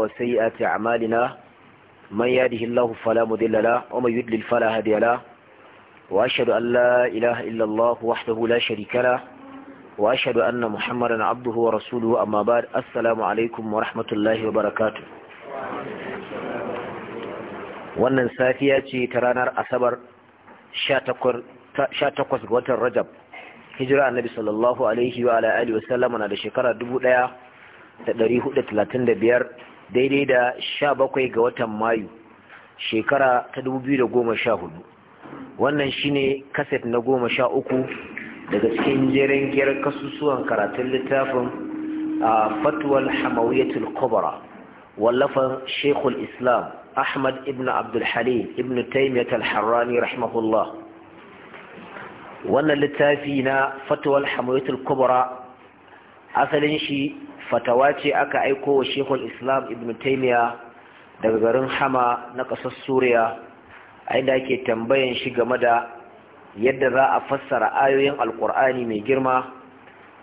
وسيئات أعمالنا من يهده الله فلا مضل له ومن يضلل فلا هادي له وأشهد أن لا إله إلا الله وحده لا شريك له وأشهد أن محمدا عبده ورسوله أما بعد السلام عليكم ورحمة الله وبركاته wannan safiya ce ta ranar asabar 18 ga watan rajab hijira annabi sallallahu alaihi wa alihi wa sallama na da shekara 1435 daidai da sha bakwai ga watan mayu shekara ta dubu biyu da goma sha hudu wannan shine kaset na goma sha uku daga cikin jerin giyar kasusuwan karatun littafin a fatwal hamawiyatul kubra wallafan shekul islam ahmad ibn abdulhalim ibn taimiyat al rahimahullah wannan littafi na fatwal hamawiyatul kubra asalin shi fatawa ce aka aiko wa shekul islam ibn taimiya daga garin hama na ƙasar suriya a inda ake tambayan shi game da yadda za a fassara ayoyin alkur'ani mai girma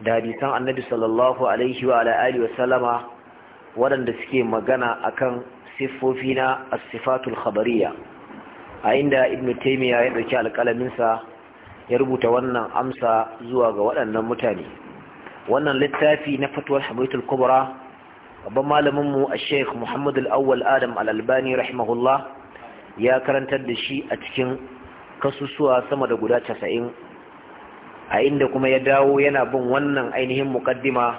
da hadisan annabi sallallahu alaihi wa ala'ali wa salama waɗanda suke magana a kan siffofi na asifatul khabariya a inda ibn taimiya ya ɗauki alƙalaminsa ya rubuta wannan amsa zuwa ga waɗannan mutane wannan littafi na fatuwar hamaitul kubra babban malaminmu a sheikh muhammad al'awwal adam al'albani rahimahullah ya karantar da shi a cikin kasusuwa sama da guda casa'in a inda kuma ya dawo yana bin wannan ainihin mukaddima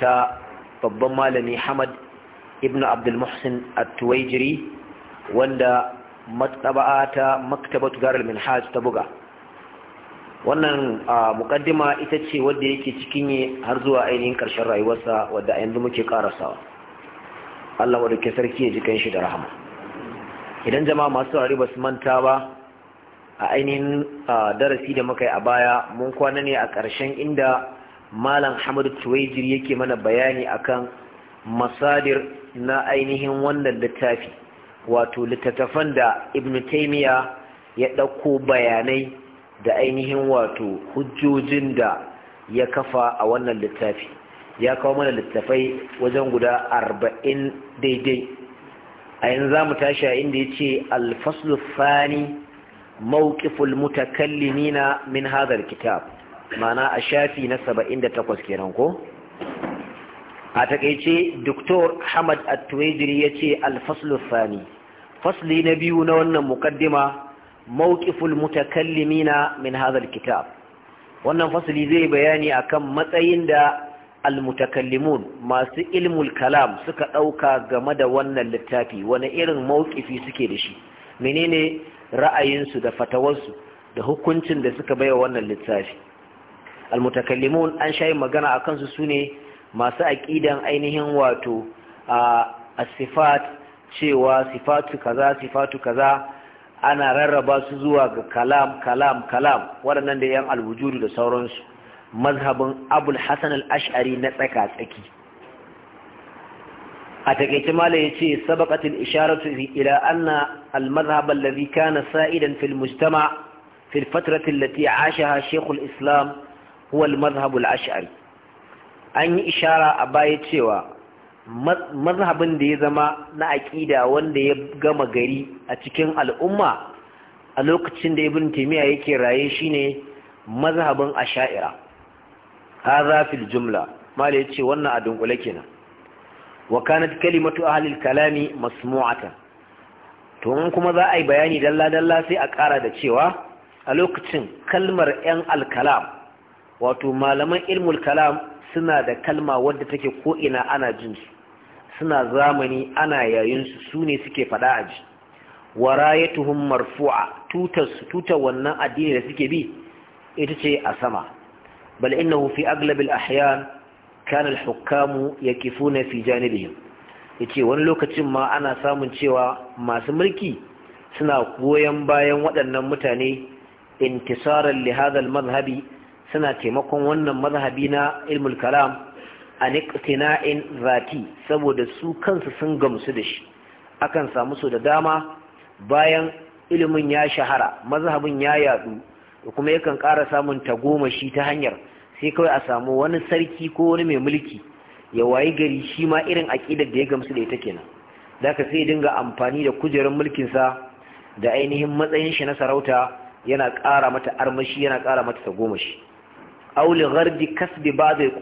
ta babban malami hamad ibn abdulmuhsin at-tuwaijiri wanda matsaba'a ta maktabatu garar minhaj ta buga wannan mukaddima ita ce wadda yake cikin yi har zuwa ainihin ƙarshen rayuwarsa wadda a yanzu muke ƙarasawa Allah wadda ke sarki ya ji shi da rahama idan jama'a masu rari ba su manta ba a ainihin darasi da muka yi a baya mun kwana ne a ƙarshen inda malam hamadu tuwaijir yake mana bayani akan masadir na ainihin wannan littafi wato littattafan da ibn taimiya ya ɗauko bayanai da ainihin wato hujjojin da ya kafa a wannan littafi ya kawo mana littafai wajen guda arba'in daidai a yanzu za mu tashi a inda ya ce alfaslu fani mutakallimina min hadhal kitab ma'ana a shafi na saba'in da takwas kenan ko a takaice doktor hamad at ya ce alfaslu fasli na biyu na wannan mukaddima mawqiful mutakallimina min hadha alkitab wannan fasali zai bayani akan matsayin da almutakallimun masu ilmul kalam suka dauka game da wannan littafi wani irin mawqifi suke da shi menene ra'ayinsu da fatawarsu da hukuncin da suka baiwa wannan littafi almutakallimun an shayi magana a kansu su ne masu aƙidan ainihin wato a sifat cewa sifatu kaza sifatu kaza ana rarraba su zuwa ga kalam kalam kalam waɗannan da yan alwujudu da sauransu mazhabin abul hasan ashari na tsaka tsaki a takaice mala ce sabaqatil isharatu ila anna al-madhhab alladhi kana sa'idan fil mujtama' في الفترة التي islam Huwal الإسلام هو an yi ishara a baya cewa mazhabin da ya zama na aƙida wanda ya gama gari a cikin al'umma a lokacin da ibn taimiyya yake raye shine mazhabin asha'ira za fil jumla mala ce wannan a dunkule kenan wa kanat kalimatu ahli kalami masmu'ata to in kuma za a yi bayani dalla dalla sai a ƙara da cewa a lokacin kalmar yan al-kalam wato malaman ilmul kalam suna da kalma wadda take ko ina ana jin su suna zamani ana yayinsu su ne suke faɗa a ji wa rayatuhum marfu'a tutarsu tutar wannan addini da suke bi ita ce a sama bal innahu fi aglabil ahyan kana al-hukamu yakifuna fi janibihim yace wani lokacin ma ana samun cewa masu mulki suna koyon bayan waɗannan mutane intisaran li hadha al-madhhabi suna taimakon wannan mazhabi na ilmul kalam an iqtina'in zati saboda su kansu sun gamsu da shi akan samu su da dama bayan ilimin ya shahara mazhabin ya yadu kuma yakan kara samun tagomashi ta hanyar sai kawai a samu wani sarki ko wani mai mulki ya wayi gari shi ma irin aƙidar da ya gamsu da ita kenan da ka sai dinga amfani da kujerar sa da ainihin matsayin shi na sarauta yana ƙara mata armashi yana ƙara mata tagomashi li ghardi kasbi ba zai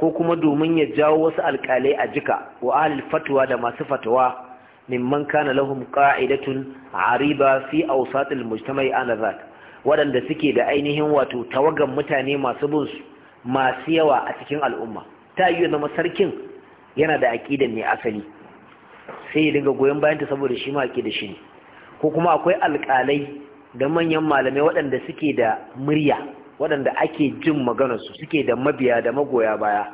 ko kuma domin ya jawo wasu alƙalai a jika wa ahlul fatwa da masu fatawa man kana lahum qa'idatun ariba fi awsatil mujtama'i anazat waɗanda suke da ainihin wato tawagan mutane masu bin su masu yawa a cikin al'umma ta yi zama sarkin yana da aƙidan ne asali sai ya dinga goyon bayanta saboda shi ma da shi ne ko kuma akwai alƙalai da manyan malamai waɗanda suke da murya waɗanda ake jin maganarsu suke da mabiya da magoya baya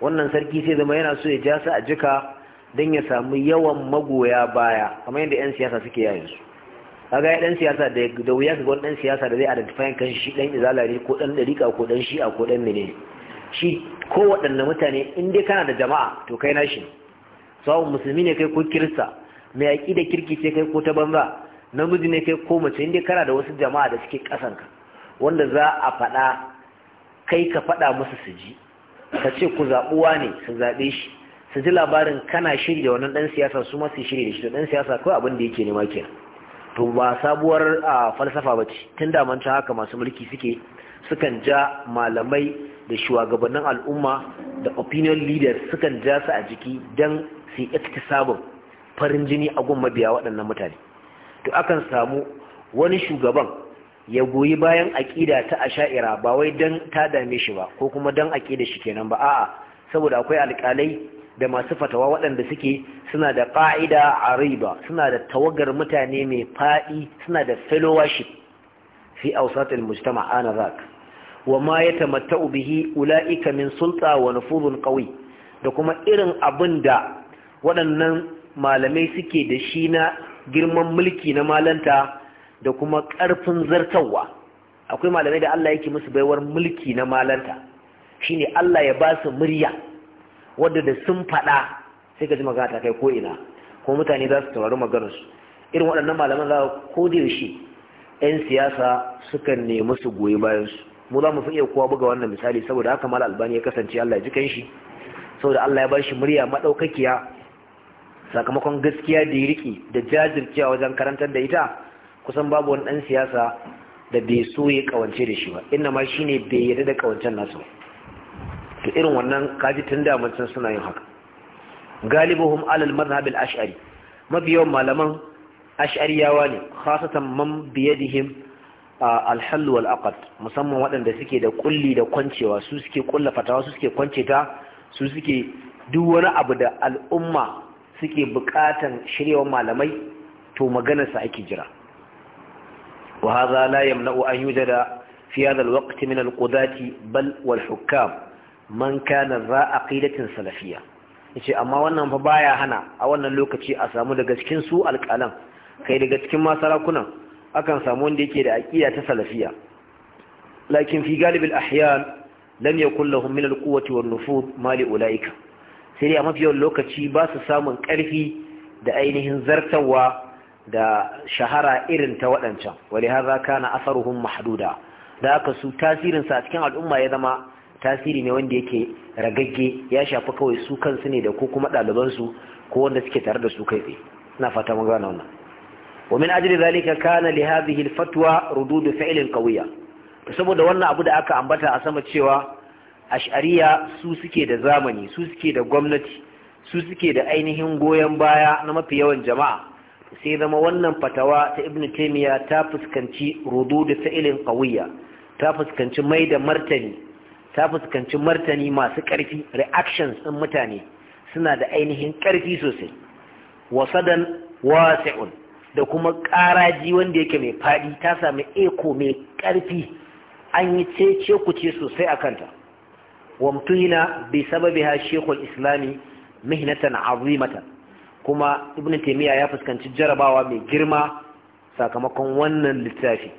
wannan sarki sai zama yana so ya ja su a jika don ya samu yawan magoya baya kamar yadda 'yan siyasa suke yayin su kaga dan siyasa da da wuya ga wani dan siyasa da zai identify kan shi dan izala ne ko dan dariƙa ko dan shi'a ko dan mene shi ko waɗanne mutane in kana da jama'a to kai nashi sawun musulmi ne kai ko kirista mai da kirki ce kai ko ta banza namiji ne kai ko mace in dai kana da wasu jama'a da suke ƙasanka wanda za a faɗa kai ka faɗa musu su ji ka ce ku zaɓuwa ne su zaɓe shi su ji labarin kana shiri da wannan ɗan siyasa su masu su shiri da shi ɗan siyasa kawai abin da yake nema kenan to ba sabuwar falsafa ba ce tun da manta haka masu mulki suke sukan ja malamai da shugabannin al'umma da opinion leaders sukan ja su a jiki don su yi sabon farin jini a gun mabiya waɗannan mutane to akan samu wani shugaban ya goyi bayan aƙida ta asha'ira ba wai don ta dame shi ba ko kuma don aƙida shi kenan ba a'a saboda akwai alƙalai da masu fatawa waɗanda suke suna da ƙa'ida a riba suna da tawagar mutane mai faɗi suna da fellowship fi ausatul mujtama ana zak wa ma ya tamatta'u bihi ula'ika min sulta wa nufuzun qawi da kuma irin abin da waɗannan malamai suke da shi na girman mulki na malanta da kuma ƙarfin zartarwa akwai malamai da Allah yake musu baiwar mulki na malanta shine Allah ya ba su murya wadda da sun faɗa sai ka ji magana ta kai ko ina ko mutane za su taurari maganarsu irin waɗannan malaman za ko da yaushe 'yan siyasa sukan nemi su goyi bayansu mu za mu fi iya kowa buga wannan misali saboda haka mala albani ya kasance Allah ya ji kanshi saboda Allah ya ba shi murya maɗaukakiya, sakamakon gaskiya da ya riƙe da jajircewa wajen karantar da ita kusan babu wani ɗan siyasa da bai so ya kawance da shi ba inna ma shine bai yarda da kawancen nasu to irin wannan kaji tun da mutum suna yin haka galibuhum alal madhhab al ash'ari mafi yawan malaman ash'ariyawa ne khasatan man biyadihim al hal wal aqd musamman waɗanda suke da kulli da kwancewa su suke kulla fatawa su suke kwance ta su suke duk wani abu da al'umma suke bukatan shiryewan malamai to maganarsa ake jira وهذا لا يمنع أن يوجد في هذا الوقت من القضاة بل والحكام من كان ذا عقيدة سلفية yace amma wannan fa baya hana a wannan lokaci a samu daga cikin su alƙalan kai daga cikin ma sarakunan akan samu wanda yake da aqida ta salafiya lakin fi galibil ahyan lam yakul lahum min alquwwati wan nufud ma li ulaika sai a mafi yawan lokaci ba su samun ƙarfi da ainihin zartawa da shahara irin ta waɗancan wale na na asaruhum mahduda da aka su tasirinsa a cikin al'umma ya zama tasiri ne wanda yake ragagge ya shafi kawai su kansu ne da ko kuma ɗalibansu ko wanda suke tare da su kai tsaye ina fata mun gane wannan wa min ajli zalika kana li hadhihi al-fatwa rudud fi'l qawiyya saboda wannan abu da aka ambata a sama cewa ash'ariya su suke da zamani su suke da gwamnati su suke da ainihin goyon baya na mafi yawan jama'a sai zama wannan fatawa ta ibn taymiya ta fuskanci ta fa'ilin qawiyya ta fuskanci mai da martani ta fuskanci martani masu ƙarfi reactions ɗin mutane suna da ainihin ƙarfi sosai wasadan wasi'un da kuma ƙaraji wanda yake mai faɗi ta sami eko mai ƙarfi an yi cece kuce sosai a kanta wamtuhina bi ha shekul islami mihnatan azimatan kuma ibn taymiya ya fuskanci jarabawa mai girma sakamakon wannan littafi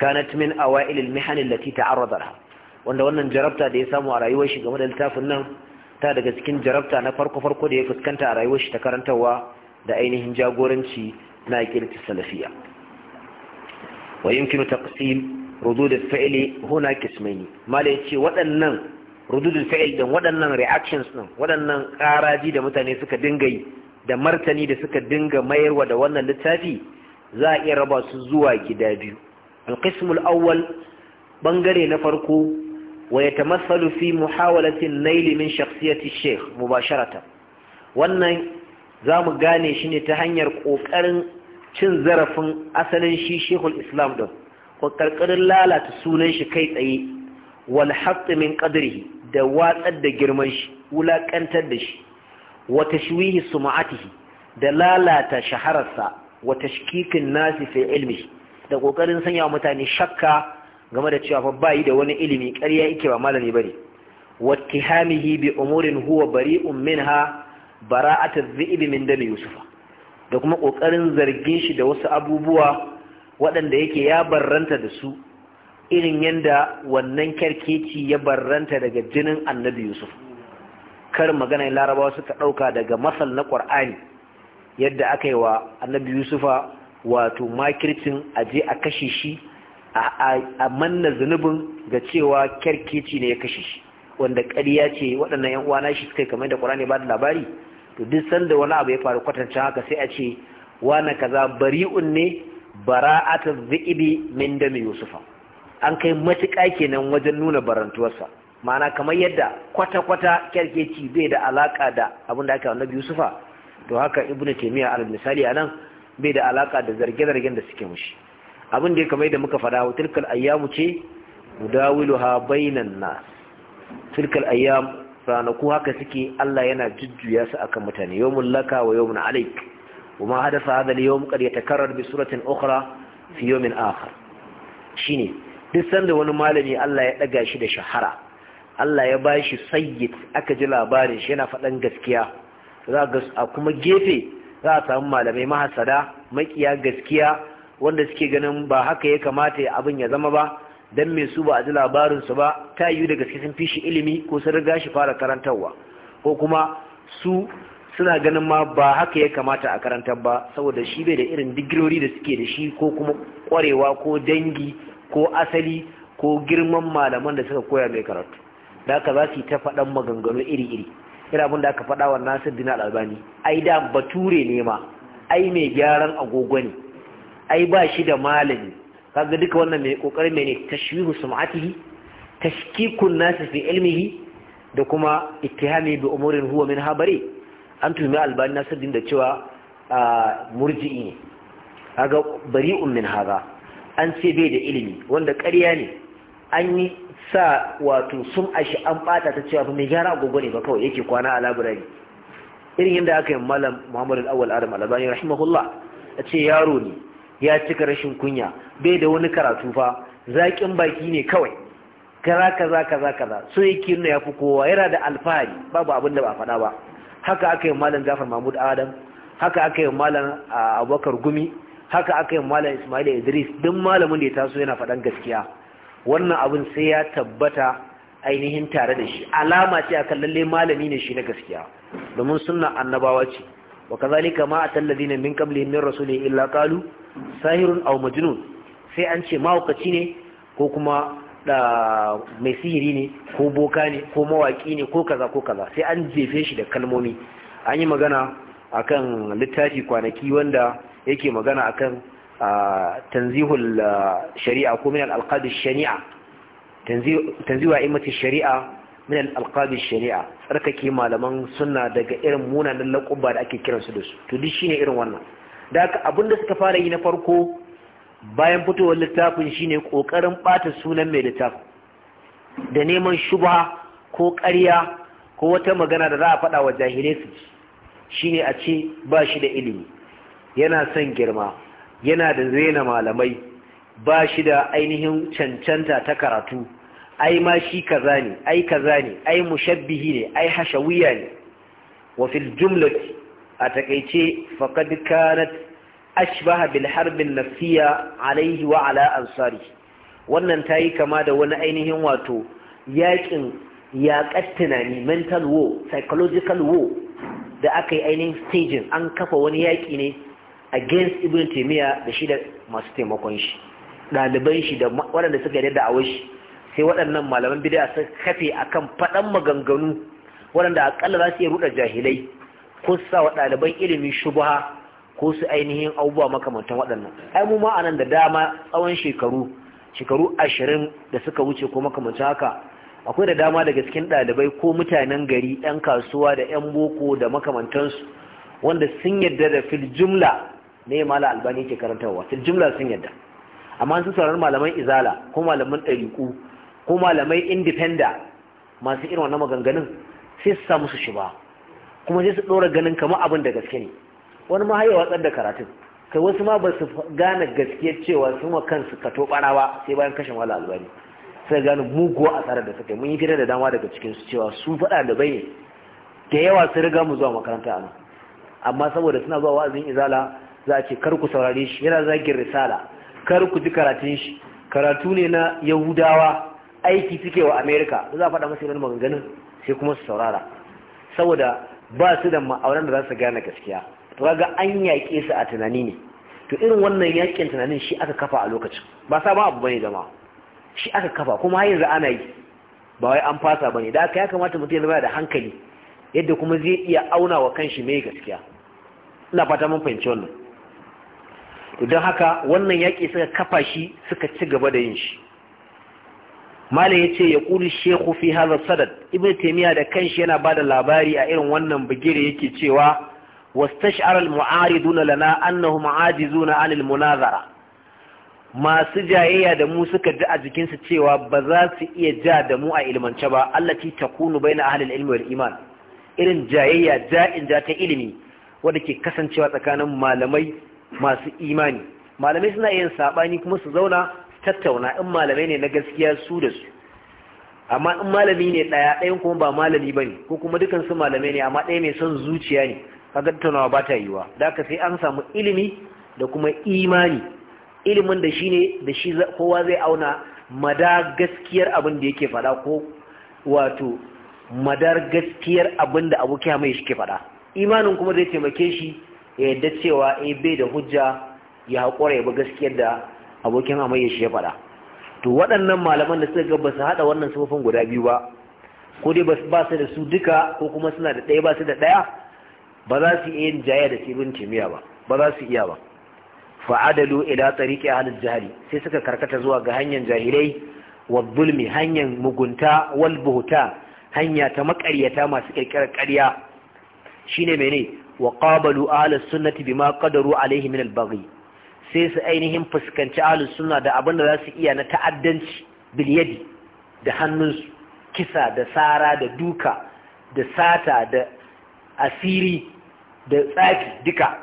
kanat min awail al-mihan allati ta'arrada laha wanda wannan jarabta da ya samu a rayuwar shi game da littafin nan ta daga cikin jarabta na farko farko da ya fuskanta a rayuwar shi ta karantawa da ainihin jagoranci na kirki salafiya wa yumkinu taqsim rudud al-fi'li huna qismaini mala yace waɗannan rudud al-fi'l din waɗannan reactions din waɗannan karaji da mutane suka dinga yi da martani da suka dinga mayarwa da wannan littafi za a iya raba su zuwa gida biyu alkismul awwal bangare na farko wa yatamassalu fi muhawalatin nail min shakhsiyati sheikh mubasharatan wannan za mu gane shi ne ta hanyar ƙoƙarin cin zarafin asalin shi shehul islam ɗin ƙarƙarin lalata sunan shi kai tsaye wal min qadrihi da watsar da girman shi wulaƙantar da shi wa su ma'atihi da lalata shahararsa wa tashkikin nasi fi ilmi da ƙoƙarin sanya mutane shakka game da cewa ba yi da wani ilimi ƙarya yake ba malami bane wa Hamihi bi umurin huwa bari'un minha bara'at adh-dhi'b min dami yusufa da kuma ƙoƙarin zargin shi da wasu abubuwa waɗanda yake ya barranta da su irin yadda wannan kyarkeci ya barranta daga jinin annabi yusuf karin magana larabawa suka ɗauka daga masal na ƙwar'ani yadda aka yi wa annabi yusufa wato makircin aje a kashe shi a manna zunubin ga cewa kyarkeci ne ya kashe shi wanda ƙarya ce waɗannan yan uwana shi suka kamar da ƙwar'ani ba da labari to duk sanda wani abu ya faru kwatancin haka sai a ce wana kaza bari'un ne bara'atu dhibi min dami yusufa an kai matuƙa kenan wajen nuna barantuwarsa ma'ana kamar yadda kwata-kwata kyarkeci bai da alaƙa da abin da aka annabi yusufa to haka ibnu taymiya al misali anan bai da alaƙa da zarge-zargen da suke mushi abin da ya kamar yadda muka fada tilkal ayyamu ce mudawiluha bainan nas tilkal ayyam ranaku haka suke Allah yana jujjuya su akan mutane yawmul laka wa yawmun alayk وما حدث هذا اليوم قد يتكرر بصورة أخرى في يوم آخر shine duk sanda wani malami Allah ya ɗaga shi da shahara Allah ya bashi sayyid aka ji labarin shi yana faɗan gaskiya za a kuma gefe za a samu malamai mahasada makiya gaskiya wanda suke ganin ba haka ya kamata abin ya zama ba dan me su ba a ji labarin su ba ta yiwu da gaske sun fi shi ilimi ko sun riga shi fara karantarwa ko kuma su suna ganin ma ba haka ya kamata a karantar ba saboda shi bai da irin digirori da suke da shi ko kuma kwarewa ko dangi ko asali ko girman malaman da suka koya mai karatu da aka za su yi ta faɗan maganganu iri-iri ina abin da aka faɗa wa nasir dina albani ai da bature ne ma ai mai gyaran agogo ne ai ba shi da malami kaga duka wannan mai kokarin mai ne tashwihu sum'atihi tashkikun nasir fi ilmihi da kuma ittihami bi umurin huwa min habari an tumi albani nasir din da cewa murji'i ne kaga bari'un min haza an ce bai da ilimi wanda ƙarya ne an yi sa wato sun ashi an bata ta cewa mai gyara agogo ne ba kawai yake kwana a labirari irin yadda aka yi malam muhammadu al'awal adam alabani rahimahullah a ce yaro ne ya cika rashin kunya bai da wani karatu fa zaƙin baki ne kawai kaza kaza kaza kaza so yake nuna ya fi kowa yana da alfahari babu abin da ba faɗa ba haka aka yi malam jafar mahmud adam haka aka yi malam ah, abubakar gumi haka aka yi malam ismail idris duk malamin da ya taso yana faɗan gaskiya wannan abin sai ya tabbata ainihin tare da shi alama ce akan lalle malami ne shi na gaskiya domin sunna annabawa ce wa kazalika ma atal ladina min qablihim min ne illa qalu sahirun aw majnun sai an ce mahaukaci ne ko kuma da mai sihiri ne ko boka ne ko mawaki ne ko kaza ko kaza sai an jefe shi da kalmomi an yi magana akan littafi kwanaki wanda yake magana akan tanzihul shari'a ko من الألقاب الشنيعة shari'a أئمة الشريعة shari'a الألقاب الشنيعة alqab shari'a tsarkake malaman sunna daga irin munanan laƙuba da ake kiransu da su to duk shine irin wannan da suka fara yi na farko bayan fitowar littafin shine kokarin bata sunan mai littafin da neman shubha ko ƙarya ko wata magana da za a faɗa wa jahilai su shine a ce ba shi da ilimi yana son girma yana da zaina malamai ba shi da ainihin cancanta ta karatu ai ma shi kaza ne ai kaza ne ai mushabbihi ne ai hashawiya ne wa fil a takeice faqad kanat ashbaha bil harb an nafsiyya alayhi wa ala ansari wannan tayi kama da wani ainihin wato yakin yaƙar tunani mental war psychological war da aka yi ainihin staging an kafa wani yaƙi ne against ibn taymiya da shi da masu taimakon shi daliban shi da waɗanda suka yi da shi sai waɗannan malaman bid'a sun kafe akan faɗan maganganu waɗanda akalla za su iya ruɗa jahilai ko su sa wa ɗaliban ilimin shubha ko su ainihin abubuwa makamantan waɗannan ai mu ma nan da dama tsawon shekaru shekaru ashirin da suka wuce ko makamantan haka akwai da dama daga cikin ɗalibai ko mutanen gari 'yan kasuwa da 'yan boko da makamantansu wanda sun yarda da fil jumla ne mala albani ke karantarwa sun jumla sun yadda amma sun saurari malaman izala ko malaman ɗariƙu ko malamai indifenda masu irin wannan maganganun sai su sa musu shiba kuma sai su ɗora ganin kamar abin da gaske ne wani ma haya tsar da karatun kai wasu ma ba su gane gaske cewa sun wa kansu kato ba, sai bayan kashe Mala albani sai gane muguwa asarar da suka yi mun yi fitar da dama daga cikin su cewa su faɗa da bai da yawa su riga mu zuwa makaranta a nan amma saboda suna zuwa wa'azin izala za ce kar ku saurare shi yana zagin risala kar ku ji karatun shi karatu ne na yahudawa aiki suke wa amerika za a faɗa masu irin maganganun sai kuma su saurara saboda ba su da ma'auran da za su gane gaskiya to kaga an yaƙe su a tunani ne to irin wannan yaƙin tunanin shi aka kafa a lokacin ba sa ba abu bane zama. shi aka kafa kuma har yanzu ana yi ba wai an fasa bane da haka ya kamata mutum ya zama da hankali yadda kuma zai iya auna wa kanshi mai gaskiya ina fata mun fahimci wannan to don haka wannan yaƙi suka kafa shi suka ci gaba da yin shi malam ya ce ya ƙuri shekhu fi hazar sadad ibn taimiyya da kanshi yana ba da labari a irin wannan bigire yake cewa wastash'ar al-mu'ariduna lana annahu mu'ajizuna 'anil munazara masu jayayya da mu suka ji a jikinsu cewa ba za su iya ja da mu a ilmance ba Allah ta takunu baina ahlil ilmi wal iman irin jayayya ja'in ja ta ilimi wanda ke kasancewa tsakanin malamai masu imani malamai suna yin sabani kuma su zauna tattauna in malamai ne na gaskiya su da su amma in malami ne daya ɗayan kuma ba malami bane ko kuma dukan su malamai ne amma ɗaya mai son zuciya ne kaga tattaunawa ba ta yiwa da haka sai an samu ilimi da kuma imani ilimin da shine da shi kowa zai auna mada gaskiyar abin da yake faɗa ko wato madar gaskiyar abin da abokiya mai shi ke faɗa imanin kuma zai taimake shi ya yadda cewa a eh, bai da hujja ya haƙura ya bi gaskiyar da abokin amayya shi ya faɗa to waɗannan malaman da suka ga su haɗa wannan sufofin guda biyu ba ko dai ba su da su duka ko kuma suna da ɗaya ba su da ɗaya ba za su iya yin jaya da sibin kimiyya ba ba za su iya ba fa'adalu ila tariqi ahlil jahili sai suka karkata zuwa ga hanyar jahilai wa zulmi hanyar mugunta wal buhta hanya ta makaryata masu kirkirar ƙarya shine mene wa qabalu ahlus sunnati ma qadaru alaihi min al sai su ainihin fuskanci ahlus sunna da abin da za su iya na ta'addanci bil da hannunsu kisa da sara da duka da sata da asiri da tsaki duka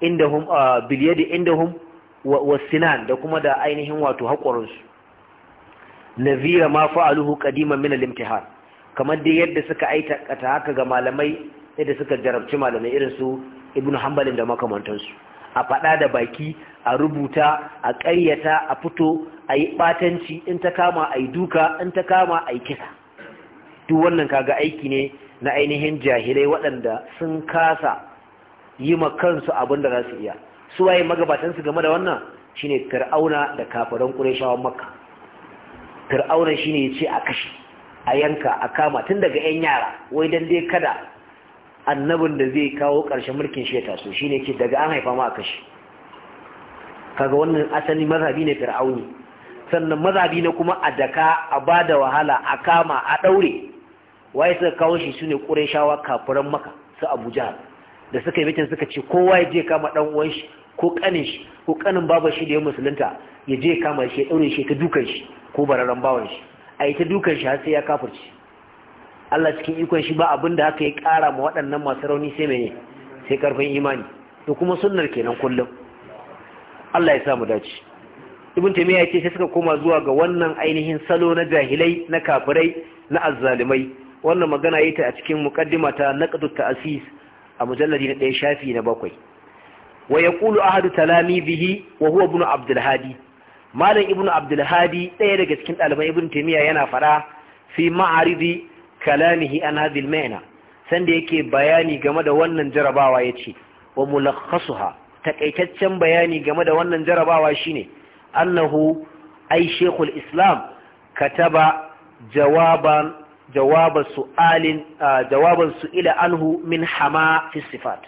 indahum inda hum wasinan da kuma da ainihin wato haƙorinsu nazira ma fa'aluhu qadiman min al-imtihan kamar dai yadda suka aikata haka ga malamai yadda suka jarabci malamai irin su ibn hanbalin da makamantansu a faɗa da baki a rubuta a ƙaryata a fito a yi ɓatanci in ta kama a yi duka in ta kama a yi kisa duk wannan kaga aiki ne na ainihin jahilai waɗanda sun kasa yi ma kansu abin da za su iya su waye magabatansu game da wannan shine fir'auna da kafiran ƙurashawan makka fir'auna shine ya ce a kashe a yanka a kama tun daga 'yan yara wai dan dai kada annabin da zai kawo ƙarshen mulkin shi ya taso shi ne ce daga an haifa ma a kashi kaga wannan asali mazhabi ne fir'auni sannan mazhabi ne kuma a daka a ba da wahala a kama a ɗaure waye suka kawo shi sune ƙureshawa kafiran maka su abuja da suka yi mitin suka ce kowa ya je kama ɗan uwan shi ko ƙanin shi ko ƙanin baba shi da ya musulunta ya je kama shi ya ɗaure shi ta dukan shi ko bararan bawan shi a yi ta dukan shi har sai ya kafirci Allah cikin ikon shi ba abin da haka ya kara ma waɗannan masu rauni sai mai sai karfin imani to kuma sunnar kenan kullum Allah ya samu dace ibn taymiya yace sai suka koma zuwa ga wannan ainihin salo na jahilai na kafirai na azzalimai wannan magana yayi ta a cikin muqaddima ta naqdut ta'sis a mujalladi na 1 shafi na 7 wa yaqulu ahadu Talami bihi wa huwa ibn abdul hadi malam ibnu abdulhadi ɗaya daga cikin ɗaliban ibn taimiyya yana faɗa fi ma'aridi kalamihi an hadhihi mana sanda yake bayani game da wannan jarabawa yace wa mulakhasuha takaitaccen bayani game da wannan jarabawa shine annahu ai shekul islam kataba jawaban jawaba su'alin jawaban su'ila anhu min hama fi sifat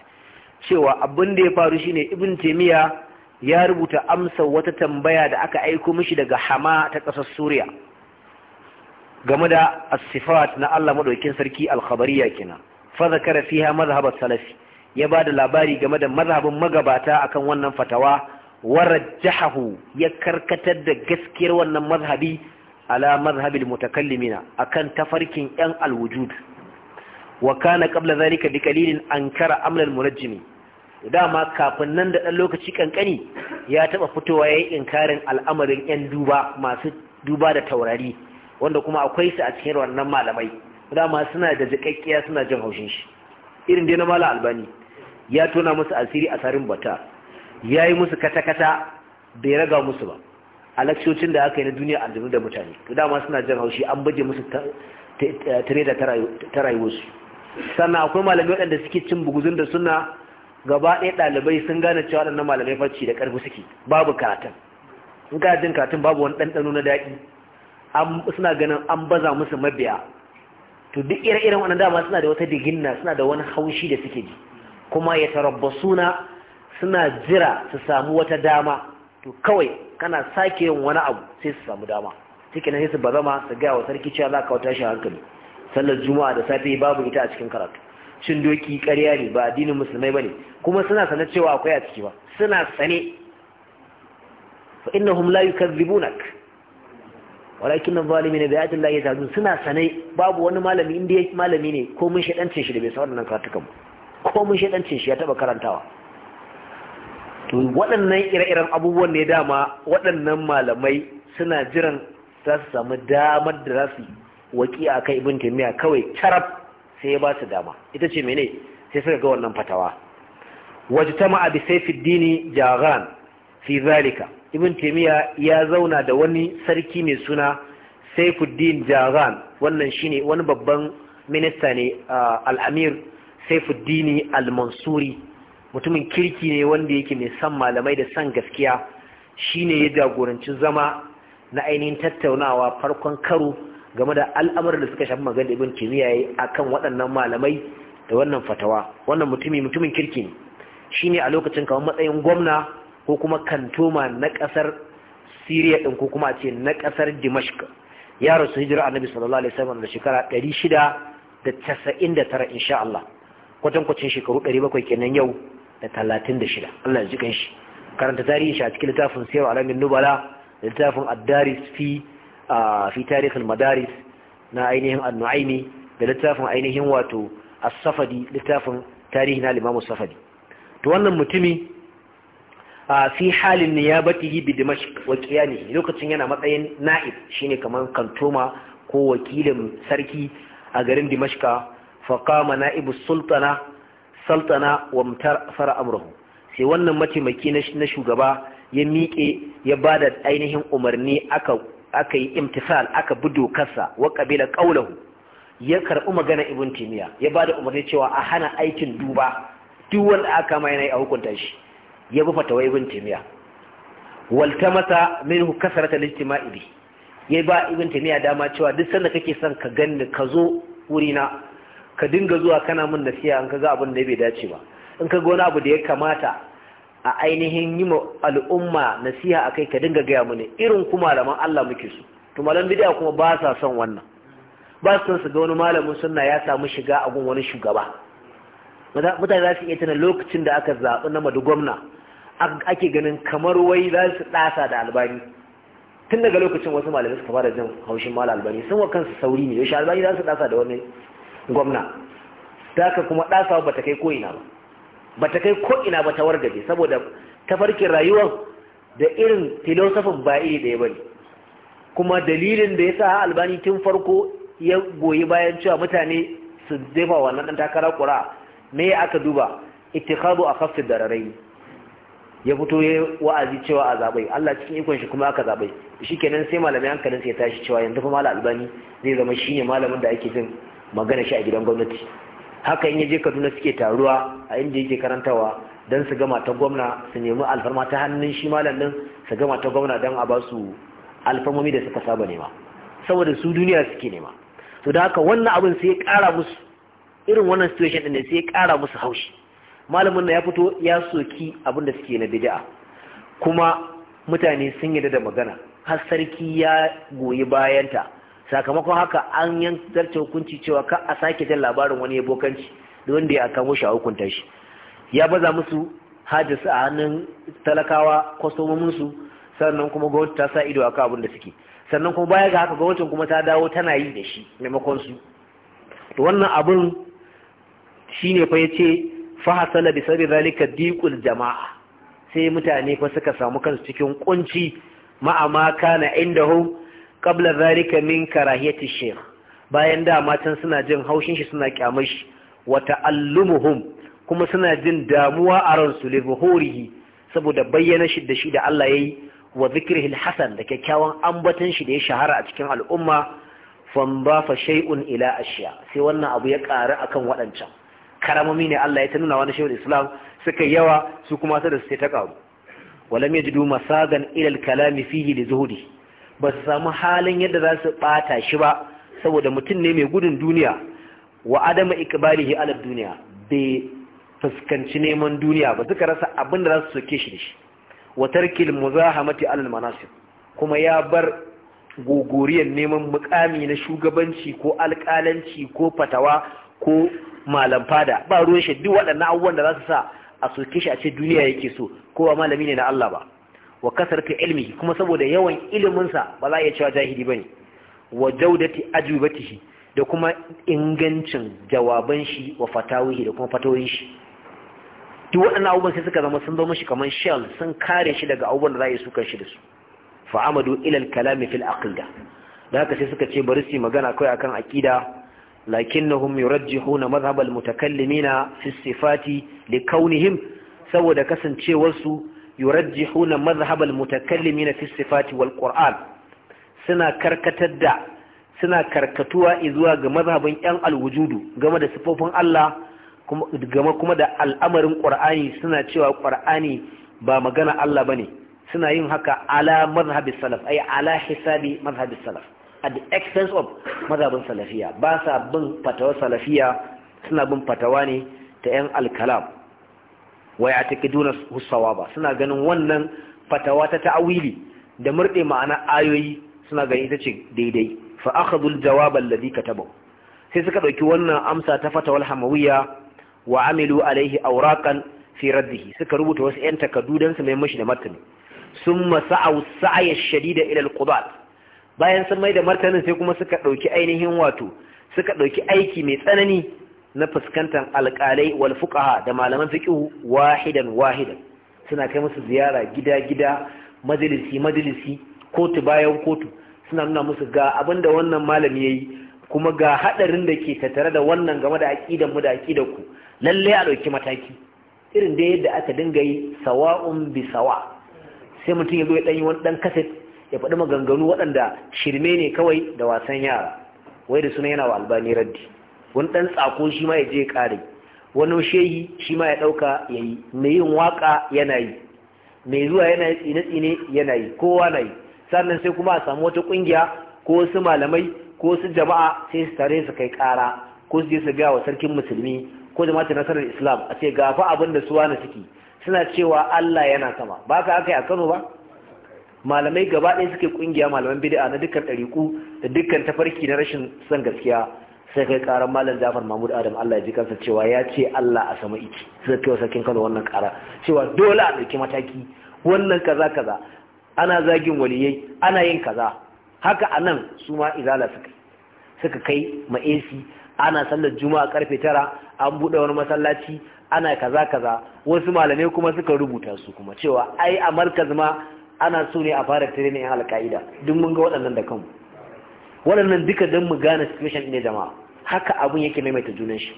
cewa abin da ya faru shine ibn Taimiyya. ya rubuta amsa wata tambaya da aka aiko mishi daga hama ta ƙasar suriya game da asifat na allah maɗaukin sarki alkhabariya kina fazakara fiha mazhabar salafi ya ba da labari game da mazhabin magabata akan wannan fatawa warajjahahu ya karkatar da gaskiyar wannan mazhabi ala mazhabil mutakallimina akan tafarkin yan alwujud wa kana qabla zalika biqalilin ankara amlal munajjimi dama kafin nan da ɗan lokaci ƙanƙani ya taɓa fitowa ya yi inkarin al'amarin 'yan duba masu duba da taurari wanda kuma akwai su a cikin wannan malamai dama suna da jiƙaƙƙiya suna jin haushin shi irin dai na mala albani ya tona musu asiri a sarin bata ya yi musu kata-kata bai raga musu ba a lakcocin da aka yi na duniya aljanu da mutane dama suna jin haushi an baje musu tare da ta rayuwarsu sannan akwai malamai waɗanda suke cin buguzun da suna gaba ɗaya ɗalibai sun gane cewa waɗannan malamai farci da ƙarfi suke babu karatun in ka jin karatun babu wani ɗanɗano na daɗi suna ganin an baza musu mabiya to duk ire-iren wannan dama suna da wata diginna suna da wani haushi da suke ji kuma ya tarabba suna suna jira su samu wata dama to kawai kana sake yin wani abu sai su samu dama nan sai su bazama su gaya wa sarki cewa za ka wata shi hankali sallar juma'a da safe babu ita a cikin karatu cin doki ƙarya ne ba addinin musulmai ba ne. kuma suna sanar cewa akwai a ciki ba suna sane fa innahum la yukadzibunak walakin adh-dhalimin bi ayati llahi yatadun suna sane babu wani malami inda malami ne ko mun shedance shi da bai san wannan karatukan ko mun shedance shi ya taba karantawa to waɗannan ire-iren abubuwan ne dama waɗannan malamai suna jiran za su samu damar da za su waƙi a kai ibn taymiya kawai carab sai ya ba su dama ita ce mene sai suka ga wannan fatawa ta ma'abi, bi fiddini jagan fi zalika ibn taymiya ya zauna da wani sarki mai suna sayfuddin jagan wannan shine wani babban minista ne alamir sai fiddini al-mansuri mutumin kirki ne wanda yake mai san malamai da san gaskiya shine ya jagoranci zama na ainihin tattaunawa farkon karo game da al'amuran da suka shafi magana da ibn kimiyya yayi akan waɗannan malamai da wannan fatawa wannan mutumi mutumin kirki ne shine a lokacin kamar matsayin gwamna ko kuma kantoma na ƙasar Siriya din ko kuma a ce na ƙasar Dimashq ya rasu hijira annabi sallallahu alaihi wasallam da shekara 699 insha Allah kwatankwacin shekaru 700 kenan yau da 36 Allah ya ji shi karanta tarihin shi a cikin littafin Sirr alamin nubala da littafin ad-daris fi fi tarihin madaris na ainihin annu'aini da littafin ainihin wato as-safadi littafin tarihi na limamu safadi to wannan mutumi a fi halin niyabatihi bi dimashq wa qiyami lokacin yana matsayin na'ib shine kaman kantoma ko wakilin sarki a garin dimashqa fa qama na'ibu sultana sultana wa mtar amruhu sai wannan mataimaki na shugaba ya miƙe ya bada ainihin umarni aka aka yi imtisal aka bi dokarsa wa kabila kaulahu ya karɓi magana ibn timiya ya ba da umarni cewa a hana aikin duba duk wanda aka mai yana a hukunta shi ya bi fatawa ibn timiya waltamasa minhu kasarata ijtimai bi ya ba ibn timiya dama cewa duk sanda kake son ka ganni ka zo wurina ka dinga zuwa kana min nasiha in kaga abin da bai dace ba in ka ga wani abu da ya kamata a ainihin yi al'umma nasiha a kai ka dinga gaya mu ne irin ku malaman Allah muke su to malam bid'a kuma ba sa son wannan ba su su ga wani malamin sunna ya samu shiga a gun wani shugaba mutane za su iya tana lokacin da aka zaɓi na madu gwamna ake ganin kamar wai za su ɗasa da albani tun daga lokacin wasu malamai suka fara jin haushin mala albani sun wa kansu sauri ne yaushe albani za su ɗasa da wani gwamna ta kuma ɗasa ba ta kai ko ina ba ba ta kai ko ina ba ta wargaje saboda tafarkin rayuwar da irin filosofin ba iri ɗaya ba ne kuma dalilin da ya sa albani tun farko ya goyi bayan cewa mutane su jefa wannan ɗan takara ƙura me ya aka duba itikadu a kafin dararai ya fito ya wa'azi cewa a zaɓai Allah cikin ikon shi kuma aka zaɓai shi kenan sai malamai hankalinsa ya tashi cewa yanzu kuma malam albani zai zama shi ne malamin da ake jin magana shi a gidan gwamnati haka in je kaduna suke taruwa a inda yake karantawa don su gama ta gwamna su nemi alfarma ta hannun shi malam din su gama ta gwamna don a ba su alfarmomi da suka saba nema saboda su duniya suke nema to da haka wannan abin sai ya kara musu irin wannan situation din sai ya kara musu haushi malamin na ya fito ya soki abin da suke na bid'a kuma mutane sun yarda da magana har sarki ya goyi bayanta sakamakon haka an zarce hukunci cewa ka a sake jan labarin wani ya bokanci da wanda ya kamo shi a hukunta shi ya baza musu hajjarsu a hannun talakawa kwastomominsu sannan kuma gwamnati ta sa ido a abin da suke sannan kuma baya ga haka gwamnatin kuma ta dawo tana yi da shi maimakon su wannan abin shine fa yace fa hasala bi sabbi zalika diqul jama'a sai mutane fa suka samu kansu cikin kunci ma'ama kana indahum qabla zalika min karahiyati shaykh bayan da matan suna jin haushin shi suna kyamar shi wa ta'allumuhum kuma suna jin damuwa a ransu li zuhurihi saboda bayyana shi da shi da Allah yayi wa zikrihi al da kyakkyawan ambaton shi da ya shahara a cikin al'umma famba fa shay'un ila ashiya sai wannan abu ya a akan waɗancan karamomi ne Allah ya ta nuna wani shaykhul islam suka yawa su kuma sai da su ta karu walam yajidu masagan ila al-kalami fihi zuhudi ba su samu halin yadda za su ɓata shi ba saboda mutum ne mai gudun duniya wa adama ikbalihi alar duniya bai fuskanci neman duniya ba suka rasa abin da za su soke shi da shi wa tarkil muzahamati ala manasib kuma ya bar gogoriyar neman mukami na shugabanci ko alkalanci ko fatawa ko malam fada ba ruwan shi duk waɗannan abubuwan da za su sa a soke shi a ce duniya yake so Kowa ba malami ne na Allah ba wa kasarta ilmihi kuma saboda yawan iliminsa ba za a iya cewa jahili ne, wa jaudati ajubatihi da kuma ingancin jawaban shi wa fatawihi da kuma fatawoyin shi duk waɗannan abubuwan sai suka zama sun zama shi kamar shell sun kare shi daga abubuwan da za a yi sukan shi da su fa amadu kalami fil aqida da haka sai suka ce bari su magana kawai akan aqida lakinnahum yurajjihuna madhhab al-mutakallimina fi sifati likaunihim saboda kasancewar su yurajjihuna madhhab al-mutakallimin fi sifati wal qur'an suna karkatar da suna karkatuwa zuwa ga mazhabin yan alwujudu game da sifofin Allah game kuma da al'amarin qur'ani suna cewa qur'ani ba magana Allah bane suna yin haka ala mazhabis salaf ay ala hisabi mazhabis salaf at the expense of mazhabin salafiya ba sa bin fatawa salafiya suna bin fatawa ne ta yan alkalam wa ya'taqiduna ba suna ganin wannan fatawa ta ta'awili da murde ma'ana ayoyi suna ganin ita ce daidai fa akhadhu al-jawab alladhi katabahu sai suka dauki wannan amsa ta fatawal hamawiyya wa amilu alaihi awraqan fi raddihi suka rubuta wasu yan takardu dan su mai mashi da martani summa sa'u sa'ya shadida ila al bayan sun mai da martanin sai kuma suka dauki ainihin wato suka dauki aiki mai tsanani na fuskantar alƙalai wal fuqaha da malaman fiqh wahidan wahidan suna kai musu ziyara gida gida majalisi majalisi kotu bayan kotu suna nuna musu ga abinda wannan malami yayi kuma ga hadarin da ke tattare da wannan game da aqidan mu da aqidar ku lalle a dauki mataki irin da yadda aka dinga yi sawa'un bi sawa sai mutum ya zo ya danyi wani dan kaset ya faɗi maganganu waɗanda shirme ne kawai da wasan yara wai da suna yana wa albani raddi wani ɗan tsako shi ma ya je ƙare wani shehi shi ma ya ɗauka ya yi mai yin waƙa yana yi mai zuwa yana yi tsine-tsine yana yi kowa na yi sannan sai kuma a samu wata ƙungiya ko wasu malamai ko wasu jama'a sai su tare su kai ƙara ko su je su gaya wa sarkin musulmi ko da mata nasarar islam a ce gafa abin da su wani suke suna cewa allah yana sama ba ka aka yi a kano ba malamai gaba ɗaya suke ƙungiya malaman bid'a na dukkan ɗariƙu da dukkan tafarki na rashin son gaskiya sai kai karar malam jafar mahmud adam allah ya ji kansa cewa ya ce allah a sama iki sai kai sarkin kano wannan kara cewa dole a ɗauki mataki wannan kaza kaza ana zagin waliyai ana yin kaza haka anan nan su ma izala suka suka kai ma'esi ana sallar juma'a karfe tara an buɗe wani masallaci ana kaza kaza wasu malamai kuma suka rubuta su kuma cewa ai a markaz ma ana so ne a fara tare ne yan alƙa'ida duk mun ga waɗannan da kanmu waɗannan duka don mu gane situation ne jama'a haka abun yake maimaita junan shi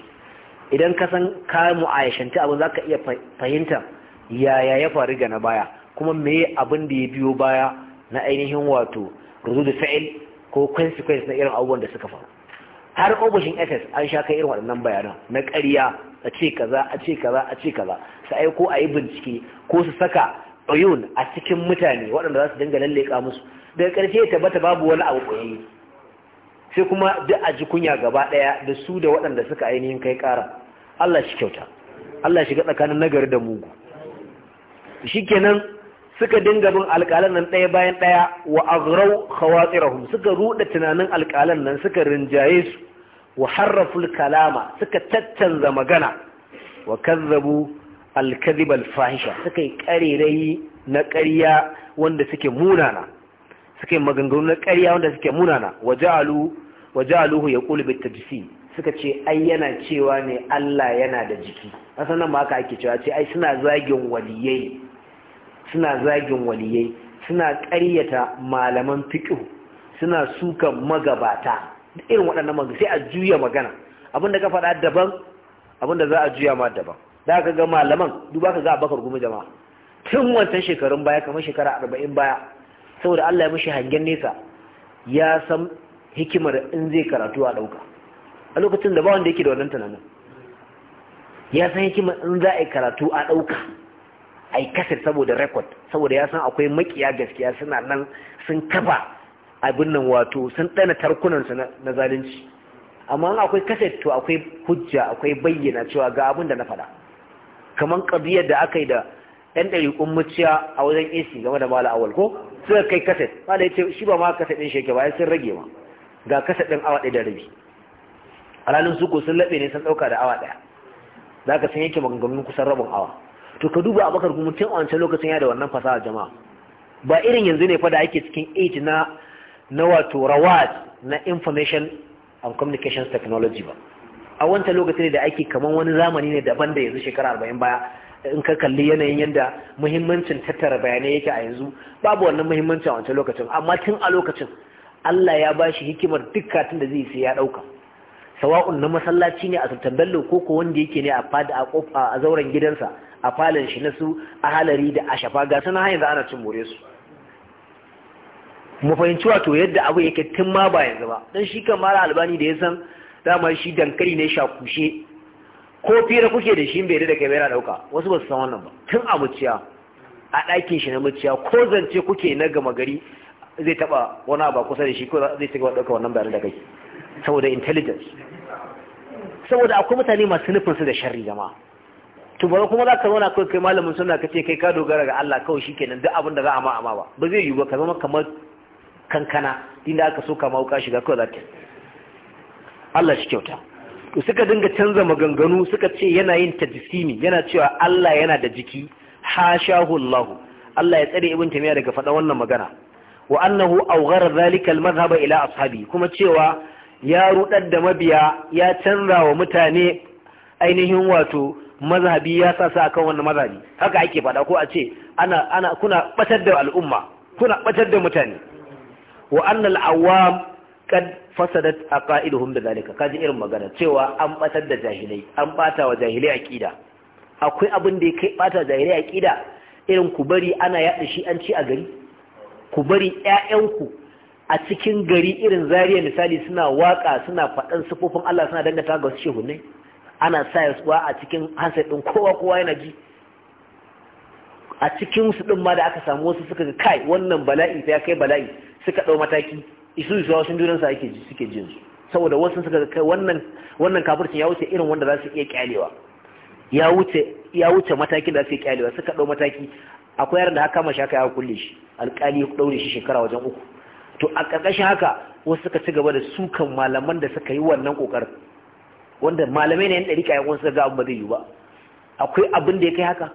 idan ka san ka mu'ayashanta abun zaka iya fahimta yaya ya faru ga na baya kuma me abin da ya biyo baya na ainihin wato da fa'il ko consequence na irin abubuwan da suka faru har ofishin ss an sha kai irin waɗannan bayanan na ƙarya a ce kaza a ce kaza a ce kaza su aiko a yi bincike ko su saka ayun a cikin mutane waɗanda za su dinga lalleka musu daga ƙarshe ya tabbata babu wani abu koyayye sai kuma duk a ji kunya gaba ɗaya da su da waɗanda suka ainihin kai ƙara Allah shi kyauta Allah shiga tsakanin nagari da mugu shikenan suka dinga bin alƙalan nan ɗaya bayan ɗaya wa aghrau khawatirahum suka ruɗa tunanin alƙalan nan suka rinjaye su wa harraful kalama suka tattanza magana wa kazzabu al-kadhib fahisha suka yi ƙarerai na ƙarya wanda suke munana suke maganganu na ƙarya wanda suke munana wa ja'alu wajaluhu yaqulu bitajsim suka ce ai yana cewa ne Allah yana da jiki asan nan ba haka ake cewa ce ai suna zagin waliyai suna zagin waliyai suna ƙaryata malaman fiqh suna sukan magabata irin waɗannan magana sai a juya magana da ka faɗa daban da za a juya ma daban da ka ga malaman duba ka ga abakar gumi jama'a tun wancan shekarun baya kamar shekara arba'in baya saboda Allah ya mishi hangen nesa ya san hikimar in zai karatu a ɗauka a lokacin da ba wanda yake da wannan tunanin ya san hikimar in za a yi karatu a ɗauka a yi kasar saboda rekod saboda ya san akwai makiya gaskiya suna nan sun kafa abin nan wato sun ɗana tarkunansu na zalunci amma akwai kasar to akwai hujja akwai bayyana cewa ga abin da na faɗa kamar ƙabiyar da aka yi da ɗan ɗari muciya a wajen AC game da mala awal ko suka kai kaset da ya ce shi ba ma kaset ɗin ke ba ya sun rage ma ga kasa ɗin awa ɗaya da rabi alalin suko sun laɓe ne sun ɗauka da awa ɗaya za ka san yake maganganun kusan rabin awa to ka duba abakar kuma tun a wancan lokacin ya da wannan fasaha jama'a ba irin yanzu ne fa da ake cikin age na na wato rawat na information and communications technology ba a wancan lokacin ne da ake kaman wani zamani ne daban da yanzu shekara arba'in baya in ka kalli yanayin yadda muhimmancin tattara bayanai yake a yanzu babu wannan muhimmanci a wancan lokacin amma tun a lokacin Allah ya ba shi hikimar duk katin da zai sai ya ɗauka. sawa'un na masallaci ne a sultan bello ko ko wanda yake ne a fada a kofa a zauren gidansa a falon shi na su a halari da a shafa ga suna hanyar da ana cin more su mu fahimci wato yadda abu yake tun ma ba yanzu ba dan shi kan mara albani da ya san dama shi dankari ne shakushe ko fira kuke da shi bai da kai bai dauka wasu ba su san wannan ba tun a muciya a ɗakin shi na muciya ko zance kuke na gama gari zai taba wani abu kusa da shi ko zai shiga dauka wannan bayanin da kai saboda intelligence saboda akwai mutane masu nufin su da sharri jama'a to ba kuma zaka zauna kai kai malamin sunna kace kai ka dogara ga Allah kawai shikenan duk abin da za a ma amma ba ba zai yiwu ba ka zama kamar kankana inda aka soka ma uka shiga kawai zaka Allah shi kyauta to suka dinga canza maganganu suka ce yana yin tajsimi yana cewa Allah yana da jiki hashahu Allah Allah ya tsare ibn tamiya daga faɗa wannan magana wa annahu awghara dhalika al ila ashabi kuma cewa ya rudar da mabiya ya canza wa mutane ainihin wato mazhabi ya sa akan wannan mazhabi haka ake faɗa ko a ce ana ana kuna batar da al'umma kuna batar da mutane wa annal al-awam kad fasadat aqaiduhum bidhalika kaji irin magana cewa an batar da jahilai an bata wa jahilai aqida akwai abin da ya kai bata jahilai aqida irin ku bari ana yaɗa shi an ci a gari ku bari ƴaƴanku a cikin gari irin zariya misali suna waka suna faɗan sufofin Allah suna dangata ga wasu shehunai ana sa yasuwa a cikin hansar ɗin kowa kowa yana ji a cikin su ɗin ma da aka samu wasu suka ga kai wannan bala'i ya kai bala'i suka ɗau mataki isu isu wasu junan sa ake suke jin su saboda wasu suka ga kai wannan wannan kafircin ya wuce irin wanda za su iya kyalewa ya wuce ya wuce matakin da suke kyalewa suka ɗau mataki akwai yaran da haka mashi haka ya kulle shi alƙali ya ɗaure shi shekara wajen uku to a ƙarƙashin haka wasu suka ci gaba da sukan malaman da suka yi wannan ƙoƙarin wanda malamai ne yan ɗari kayan wasu ga abin ba zai yi ba akwai abin da ya kai haka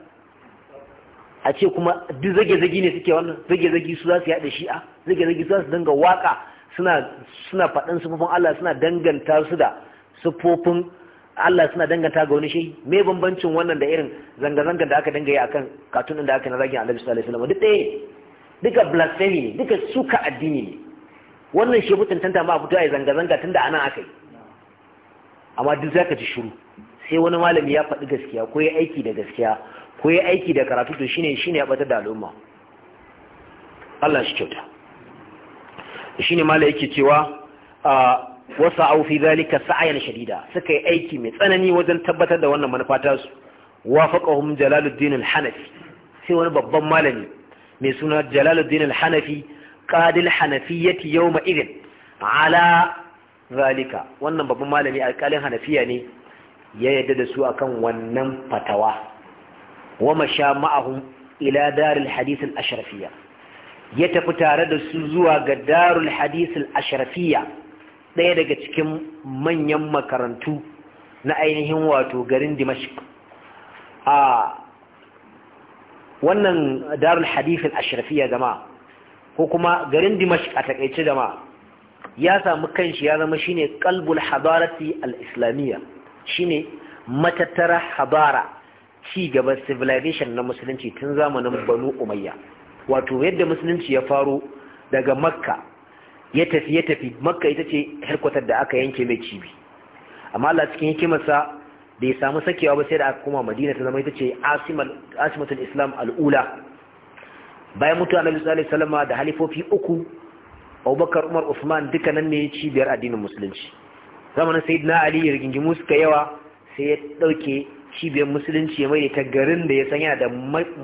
a ce kuma duk zage-zage ne suke wannan zage-zage su za su yaɗa shi'a zage-zage su za su dinga waka suna faɗin sufofin Allah suna danganta su da sufofin Allah suna danganta ga wani shi me bambancin wannan da irin zanga-zanga da aka danga yi akan katun da aka na zagin Annabi sallallahu alaihi wasallam duk ɗaya duka blasphemy ne duka suka addini ne wannan shi ta ma fito a zanga-zanga tunda anan aka yi amma duk zaka ji shiru sai wani malami ya faɗi gaskiya ko ya aiki da gaskiya ko ya aiki da karatu to shine shine ya ɓata da al'umma Allah shi kyauta shine malai yake cewa ah, wasu aufi zalika sa'ayan shadida suka yi aiki mai tsanani wajen tabbatar da wannan manufa ta su wafaqahum jalaluddin al-hanafi sai wani babban malami mai suna jalaluddin al-hanafi qadil hanafiyyati yawma idin ala zalika wannan babban malami alkalin hanafiya ne ya yadda da su akan wannan fatawa wa masha ma'ahum ila daril hadith al-ashrafiyya ya tafi tare da su zuwa ga darul hadith al-ashrafiyya ɗaya daga cikin manyan makarantu na ainihin wato garin dimashik a wannan darul hadifin ashirafiya zama, ko kuma garin dimashik a taƙaice zama, ya samu kanshi ya zama shine kalbul hadarati al-islamiyya shine matattara habara ci gaban civilization na musulunci tun zamanin banu umayya wato yadda musulunci ya faro daga makka ya tafi ya tafi makka ita ce harkwatar da aka yanke mai cibi amma Allah cikin hikimarsa bai samu sakewa ba sai da aka koma madina ta zama ita ce asimatul islam al'ula bayan a na bisu alaihi da halifofi uku abubakar umar usman duka nan ne cibiyar addinin musulunci zamanin sai na ali rigingimu suka yawa sai ya ɗauke cibiyar musulunci ya mai ta garin da ya sanya da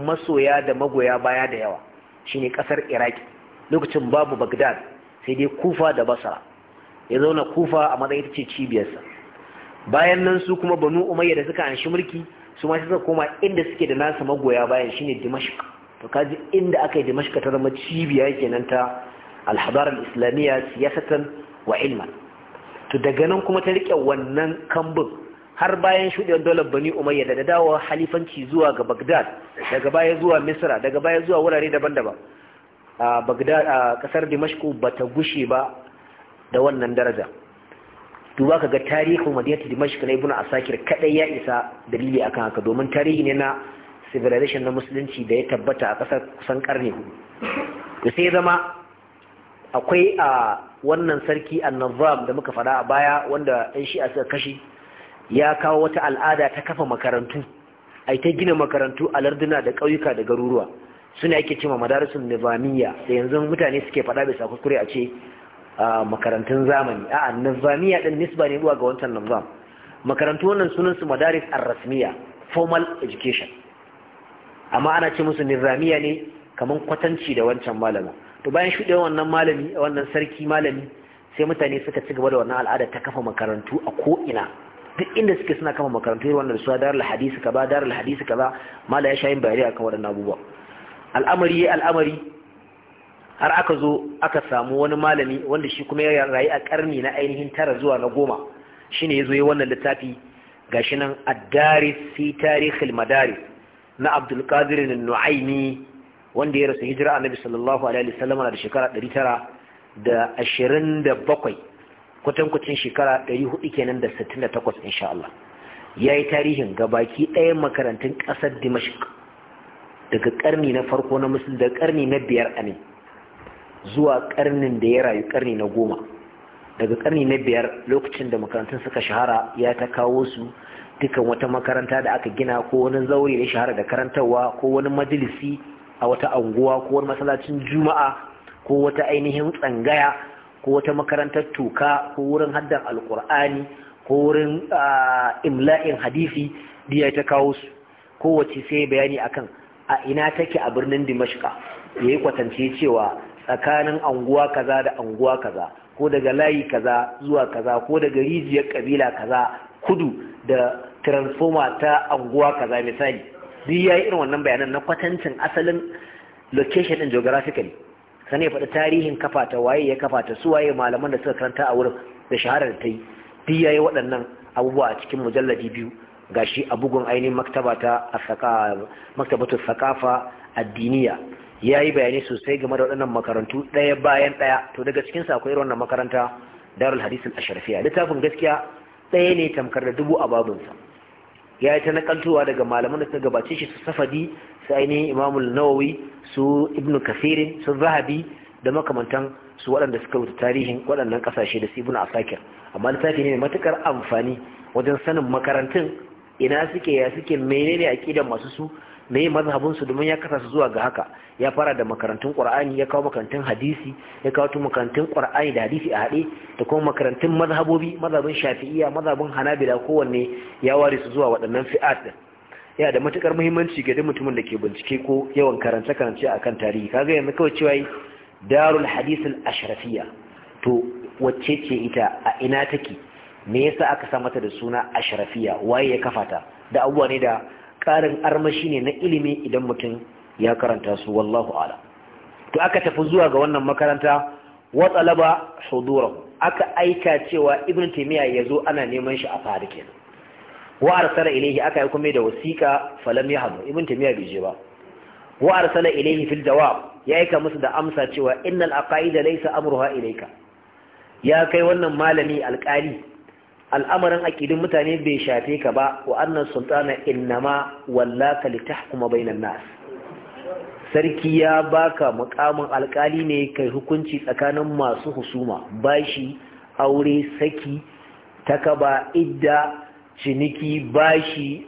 masoya da magoya baya da yawa shine kasar iraki lokacin babu bagdad sai dai kufa da basara ya zauna kufa a matsayin ta ce cibiyarsa bayan nan su kuma banu umayya da suka anshi mulki su ma suka koma inda suke da nasa magoya bayan shine dimashq to kaji inda aka yi dimashq ta zama cibiya kenan ta al-hadara al-islamiyya siyasatan wa ilman to daga nan kuma ta rike wannan kambun har bayan shudewar dalar bani umayya da dawo halifanci zuwa ga bagdad daga baya zuwa misra daga baya zuwa wurare daban-daban a a kasar dimashku ta gushe ba da wannan daraja duba ka ga tarihin madinatu dimashku na a asakir kadai ya isa dalili akan haka domin tarihi ne na civilization na musulunci da ya tabbata a kasar kusan karni hudu to sai zama akwai a wannan sarki annazam da muka fada a baya wanda ɗan shi'a suka kashi ya kawo wata al'ada ta kafa makarantu ai ta gina makarantu a larduna da ƙauyuka da garuruwa suna yake cewa madarisun nizamiya da yanzu mutane suke faɗa sa kuskure a ce makarantun zamani a'a nizamiya din nisba ne zuwa ga wancan nizam makarantu wannan sunan su madaris ar-rasmiya formal education amma ana ce musu nizamiya ne kaman kwatanci da wancan malama to bayan shuɗe wannan malami wannan sarki malami sai mutane suka ci gaba da wannan al'ada ta kafa makarantu a ko ina duk inda suke suna kafa makarantu irin wannan su darul hadisi kaza darul hadisi kaza mala ya shayin bayani akan waɗannan abubuwa al'amari ya al'amari har aka zo aka samu wani malami wanda shi kuma ya rayu a karni na ainihin tara zuwa na goma shine ya zo ya wannan littafi shi nan addaris fi tarihil madaris na abdulkadir qadir nu'aimi wanda ya rasu hijira annabi sallallahu alaihi wasallam da shekara 927 kwatankwacin shekara 400 kenan da takwas, insha Allah yayi tarihin gabaki ɗayan makarantun ƙasar Dimashq daga karni na farko na musulun daga karni na biyar a ne zuwa karnin da ya rayu karni na goma daga karni na biyar lokacin da makarantun suka shahara ya ta kawo su dukan wata makaranta da aka gina ko wani zaure da shahara da karantarwa ko wani majalisi a wata anguwa ko wani masallacin juma'a ko wata ainihin tsangaya ko wata makarantar toka ko wurin haddan alkur'ani ko wurin ah, imla'in hadisi da ya ta kawo su kowace sai bayani akan a ina take a birnin dimashka ya yi kwatance cewa tsakanin anguwa kaza da anguwa kaza ko daga layi kaza zuwa kaza ko daga rijiyar kabila kaza kudu da transformer ta anguwa kaza misali duk yayi yi irin wannan bayanan na kwatancin asalin location din geographically sai ya faɗi tarihin kafa ta waye ya kafa ta su waye malaman da suka karanta a wurin da shaharar ta yi duk ya yi waɗannan abubuwa a cikin mujalladi biyu gashi a bugun ainihin maktaba ta sakafa addiniya ya yi bayani sosai game da waɗannan makarantu ɗaya bayan ɗaya to daga cikin sakwai irin wannan makaranta darul hadisul ashrafiya littafin gaskiya ɗaya ne tamkar da dubu a babinsa ya yi ta nakaltowa daga malaman da suka gabace shi su safadi su ainihin imamul nawawi su ibnu kasirin su zahabi da makamantan su waɗanda suka wuta tarihin waɗannan ƙasashe da su ibnu asakir amma littafi ne mai matuƙar amfani wajen sanin makarantun ina suke ya suke menene aqidan masu su me mazhabin su domin ya kasa su zuwa ga haka ya fara da makarantun qur'ani ya kawo makarantun hadisi ya kawo tu makarantun qur'ani da hadisi a hade da kuma makarantun mazhabobi mazhabin shafi'iyya mazhabin hanabila kowanne ya ware su zuwa waɗannan fi'at din yana da matukar muhimmanci ga duk mutumin da ke bincike ko yawan karance karance akan tarihi kaga yanzu kawai cewa darul hadisin al ashrafiyya to wacce ce ita a ina take me yasa aka sa mata da suna ashrafiya waye ya kafa ta da abuwa ne da karin armashi ne na ilimi idan mutum ya karanta su wallahu ala to aka tafi zuwa ga wannan makaranta wa talaba hudurahu aka aika cewa ibn taymiya yazo ana neman shi a fari kenan wa arsala ilayhi aka yi kuma da wasiqa falam yahdu ibn taymiya bai je ba wa arsala ilayhi fil jawab ya aika musu da amsa cewa innal aqaida laysa amruha ilayka ya kai wannan malami alƙali al'amarin aƙidin mutane bai shafe ka ba wa annan sultana innama wallaka li tahkuma bainan nas sarki ya baka mukamin alkali ne kai hukunci tsakanin masu husuma bashi aure saki takaba idda ciniki bashi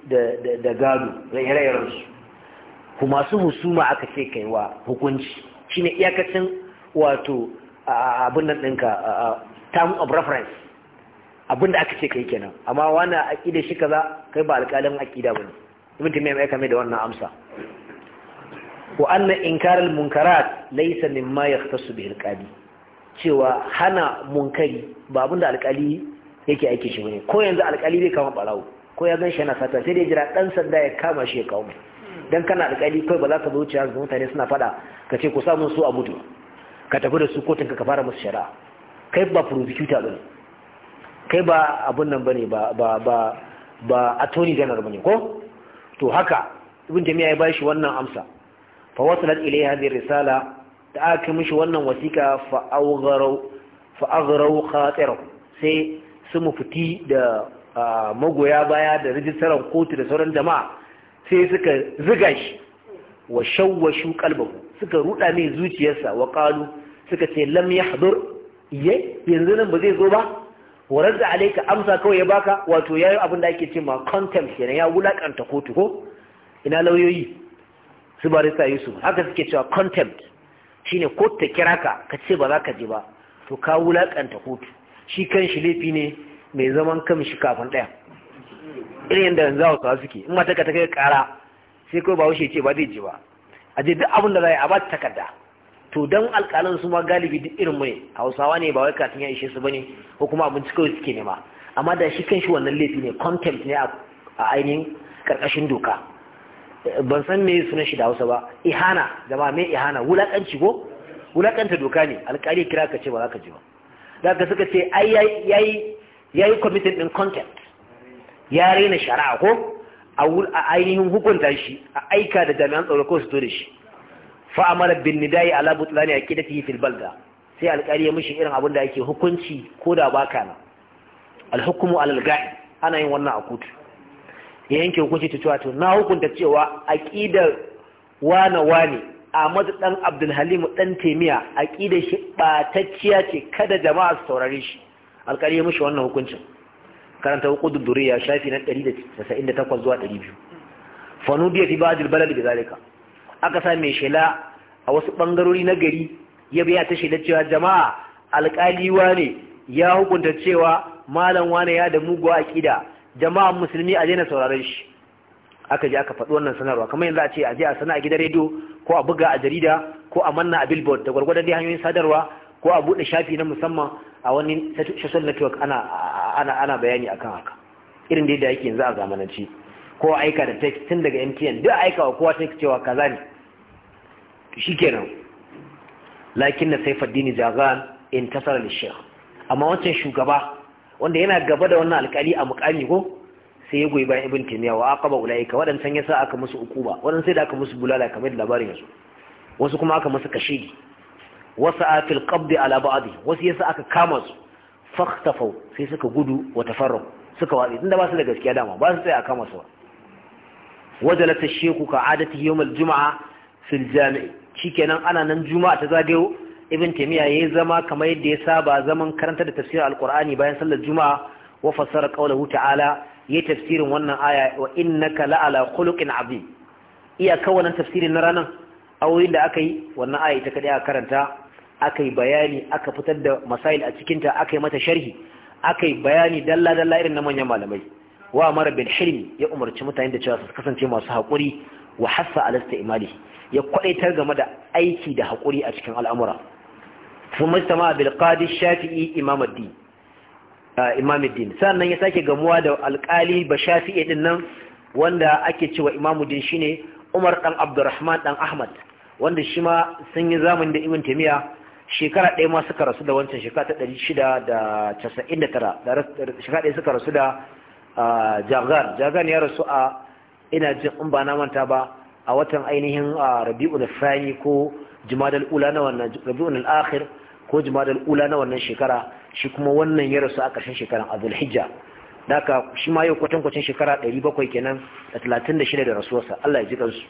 da gado su kuma su husuma aka ce kaiwa hukunci shine iyakacin wato abin nan ɗinka term of reference abin da aka ce kai kenan amma wani aƙida shi kaza kai ba alƙalin aƙida bane ibn taymiya mai kame da wannan amsa wa anna inkar al munkarat laysa mimma yahtassu bihi al qadi cewa hana munkari ba abin da alƙali yake aiki shi bane ko yanzu alƙali bai kama barawo ko ya gan shi yana fata sai dai jira dan sanda ya kama shi ya kawo mai dan kana alƙali kai ba za ka zo wuce ga mutane suna faɗa ka ce ku samun su a mutu ka tafi da su kotun ka fara musu shari'a kai ba prosecutor bane kai ba abun nan bane ba ba ba ba attorney general bane ko to haka ibn jami'a ya bashi wannan amsa fa wasalat ilayhi hadhihi risala da aka mishi wannan wasika fa awghara fa khatirahu sai su mufti da magoya baya da rijistaran kotu da sauran jama'a sai suka ziga shi wa shawwashu qalbahu suka ruda mai zuciyarsa wa qalu suka ce lam yahdur yanzu nan ba zai zo ba horar da ka amsa kawai ya baka wato ya yi abin da ake cewa ma contempt kenan ya wulakanta kotu ko ina lauyoyi su barista yusuf haka suke cewa contempt shine ko ta kira ka ka ce ba za ka je ba to ka wulakanta kotu shi kan shi laifi ne mai zaman kan shi kafin ɗaya irin yadda yanzu a wasu suke in mata ka ta kai kara sai kawai ba wuce ce ba zai je ba a je duk abin da za a yi a ba ta takarda to don alƙalan su ma galibi duk irin ne hausawa ne ba wai katin ya ishe su bane ko kuma abinci kawai suke nema amma da shi kanshi wannan laifi ne contempt ne a ainihin karkashin doka ban san me sunan shi da hausa ba ihana jama'a me ihana wulakanci ko wulakanta doka ne alƙali kira ka ce ba za ka ji ba da ka suka ce ai yayi yayi committed din contempt ya raina shari'a ko a ainihin hukunta shi a aika da jami'an tsaro ko su to da shi fa amara bin nidai ala butlani aqidatihi fi albalda sai alƙali ya mishi irin abinda yake hukunci ko da baka na alhukmu ala alga'i ana yin wannan a ya yanke hukunci ta to na hukunta cewa aqidar wane wane Ahmad dan Abdul Halim dan Temiya aqidar shi batacciya ce kada jama'a su saurare shi alƙali ya mishi wannan hukuncin karanta hukudu duriya shafi na 198 zuwa 200 fanudiya fi ba'd al bi zalika aka sa mai shela a wasu bangarori na gari ya biya ta shela cewa jama'a alƙaliwa ne ya hukunta cewa malam wane ya da a ƙida jama'an musulmi a daina sauraron shi aka je aka faɗi wannan sanarwa kamar yanzu a ce a je a sana a gidan rediyo ko a buga a jarida ko a manna a billboard da gwargwadon dai hanyoyin sadarwa ko a buɗe shafi na musamman a wani social network ana ana bayani akan haka irin da yake yanzu a zamanance ko aika da tek tun daga MTN duk aika wa kowa text cewa kaza ne shikenan lakin na Saifuddin in tasara da Sheikh amma wancan shugaba wanda yana gaba da wannan alƙali a mukami ko sai ya goyi bayan Ibn Taymiyyah wa aqaba ulaika wadannan yasa aka musu ukuba wadannan sai da aka musu bulala kamar da labarin yazo wasu kuma aka musu kashidi wasu fil qabd ala ba'di wasu yasa aka kama su fakhtafau sai suka gudu wa tafarru suka watsi tunda ba su da gaskiya dama ba su tsaya a kama su ba wajalata shehu ka adati yawmal juma'a fil jami'i shikenan ana nan juma'a ta zagayo ibn taymiya yayi zama kamar yadda ya saba zaman karanta da tafsirin alqur'ani bayan sallar juma'a wa fassara qawluhu ta'ala yayi tafsirin wannan aya wa innaka la'ala khuluqin azim iya kawanan tafsirin na ranan awoyin da aka yi wannan aya ita kadai aka karanta aka yi bayani aka fitar da masail a cikinta aka yi mata sharhi aka yi bayani dalla-dalla irin na manyan malamai wa mara bin hirmi ya umarci mutane da cewa su kasance masu haƙuri wa hassa lasta imali, ya kwaɗaitar game da aiki da haƙuri a cikin al'amura sun mujtama bil qadi shafi'i imam sannan ya sake gamuwa da alƙali ba shafi'i din nan wanda ake cewa imamuddin ad shine Umar dan Abdurrahman ɗan Ahmad wanda shi ma sun yi zamani da Ibn tamiya shekara ɗaya ma suka rasu da wancan shekara ta 699 shekara ɗaya suka rasu da jagan jagar ya rasu a ina jin in ba na manta ba a watan ainihin a da thani ko jumadal ula na wannan rabi'u na akhir ko jumadal ula na wannan shekara shi kuma wannan ya rasu a ƙarshen shekaran azul hijja daga shi ma yau kwatankwacin shekara 700 kenan da 36 da rasuwarsa Allah ya ji kansu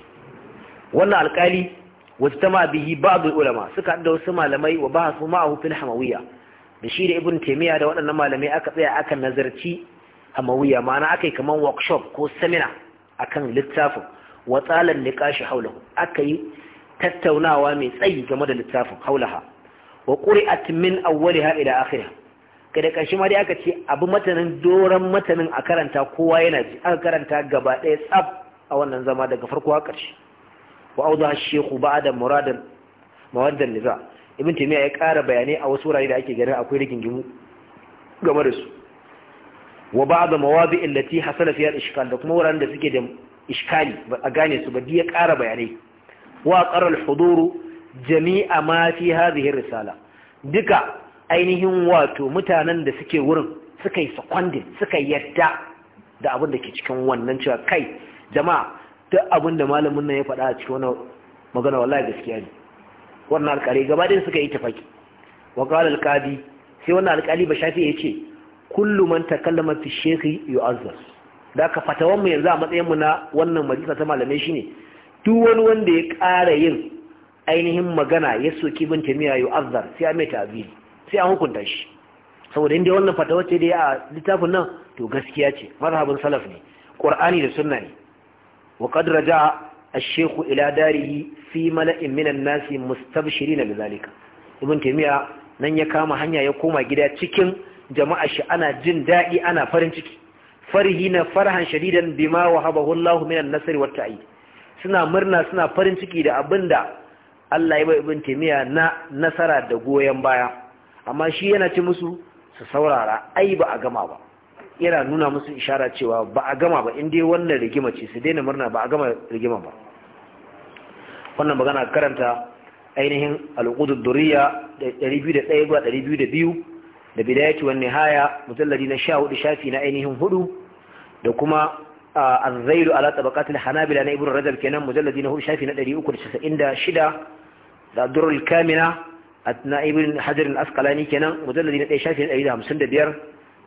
wannan alƙali wata tama bihi bai ulama suka da wasu malamai wa ba su ma'ahu fil hamawiyya da shi da ibn taymiya da waɗannan malamai aka tsaya aka nazarci wuya ma'ana aka yi kamar workshop ko seminar akan littafin ne niqashi haulahu aka yi tattaunawa mai tsayi game da littafin haulaha wa quri'at min awwaliha ila akhirha kada kashi ma dai aka ce abu matanin doran matanin a karanta kowa yana ji aka karanta gaba ɗaya tsab a wannan zama daga farko har ƙarshe wa auza shehu ba'da muradan mawaddan niza ibn timiya ya ƙara bayanai a wasu wurare da ake ganin akwai rigingimu game da su wa ba'd mawadi' allati hasala fiha al-ishkal da kuma wuraren da suke da ishkali ba a gane su ba ya ƙara bayanai wa qara huduru jami'a ma fi hadhihi risala duka ainihin wato mutanen da suke wurin suka yi seconding suka yadda da abin da ke cikin wannan cewa kai jama'a duk abin da malamin nan ya faɗa a cikin wannan magana wallahi gaskiya ne wannan alƙali gaba ɗin suka yi tafaki wa qala al sai wannan alƙali ba shafi ya ce kullu man takallama fi shekhi yu'azzar da ka fatawan mu yanzu a matsayin mu na wannan majalisa ta malamai shine duk wani wanda ya ƙara yin ainihin magana ya soki bin tamiya yu'azzar sai a mai ta'ziri sai an hukunta shi saboda inda wannan fatawa ce da a littafin nan to gaskiya ce mazhabin salaf ne qur'ani da sunna ne wa qad raja'a ila إلى داره في ملأ nasi mustabshirin bi zalika ibn تيمية nan ya kama hanya ya koma gida cikin jama'a shi ana jin daɗi ana farin ciki Farhi na farhan shadidan bima wahabahu Allahu an nasr wa tai suna murna suna farin ciki da abinda Allah ya bai ibn Taymiya na nasara da goyen baya amma shi yana ci musu su saurara ai ba a gama ba yana nuna musu ishara cewa ba a gama ba in dai wannan rigima ce su daina murna ba a gama rigima ba wannan magana karanta ainihin al-Qudud Duriya 201 202 da bidayati wan nihaya mujalladi na hudu shafi na ainihin hudu da kuma az-zailu ala tabaqat al-hanabila na ibnu rajab kenan mujalladi na hudu shafi na 396 da durul kamina na ibn hajar al-asqalani kenan mujalladi na 1 shafi na 155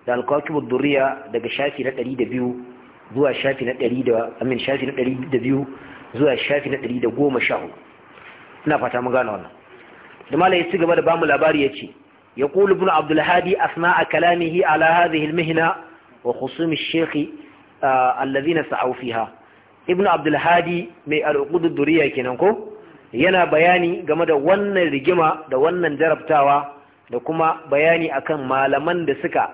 da al Da ad-durriya daga shafi na biyu zuwa shafi na 100 da amin shafi na biyu zuwa shafi na 114 ina fata mun gane wannan da malai ya ci gaba da bamu labari yace يقول ابن عبد الهادي أثناء كلامه على هذه المهنة وخصوم الشيخ آه الذين سعوا فيها ابن عبد الهادي mai al'uqud ad kenan ko yana bayani game da wannan rigima da wannan jarabtawa da kuma bayani akan malaman da suka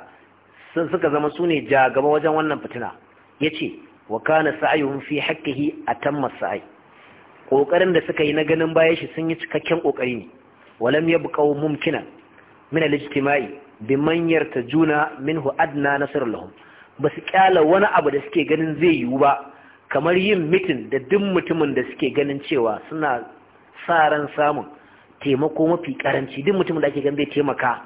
zama sune ja gaba wajen wannan fitina yace wa kana sa'yuhum fi haqqihi atamma sa'i kokarin da suka yi na ganin bayan shi sun yi cikakken kokari ne walam yabqaw mumkinan min al-ijtima'i biman yartajuna minhu adna nasr lahum basu kyala wani abu da suke ganin zai yiwu ba kamar yin mitin da duk mutumin da suke ganin cewa suna sa ran samun taimako mafi ƙaranci duk mutumin da ake ganin zai taimaka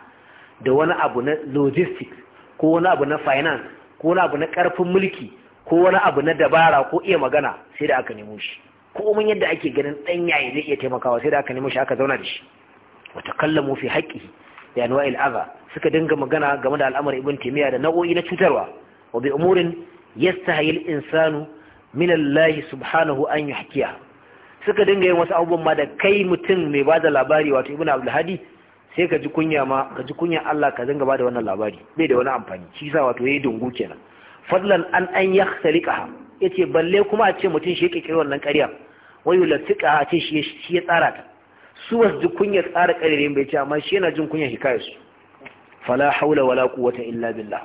da wani abu na logistics ko wani abu na finance ko wani abu na karfin mulki ko wani abu na dabara ko iya magana sai da aka nemo shi ko mun yadda ake ganin ɗan yayi zai iya taimakawa sai da aka nemo shi aka zauna da shi wa takallamu fi haƙƙi. da anwa'il adha suka dinga magana game da al'amar ibn taimiyya da nau'o'i na cutarwa wa bi umurin yastahi insanu minallahi subhanahu an yahkiya suka dinga yin wasu abubuwan ma da kai mutum mai bada labari wato ibn abdul hadi sai ka ji kunya ma ka ji kunya Allah ka dinga bada wannan labari bai da wani amfani shi sa wato yayi dungu kenan fadlan an an yakhsaliqaha yace balle kuma a ce mutum shi yake kira wannan ƙarya wayu a ce shi ya tsara ta su wasu ji kunyar tsara ƙarere bai ce amma shi yana jin kunya hikayar su fala haula wala quwwata illa billah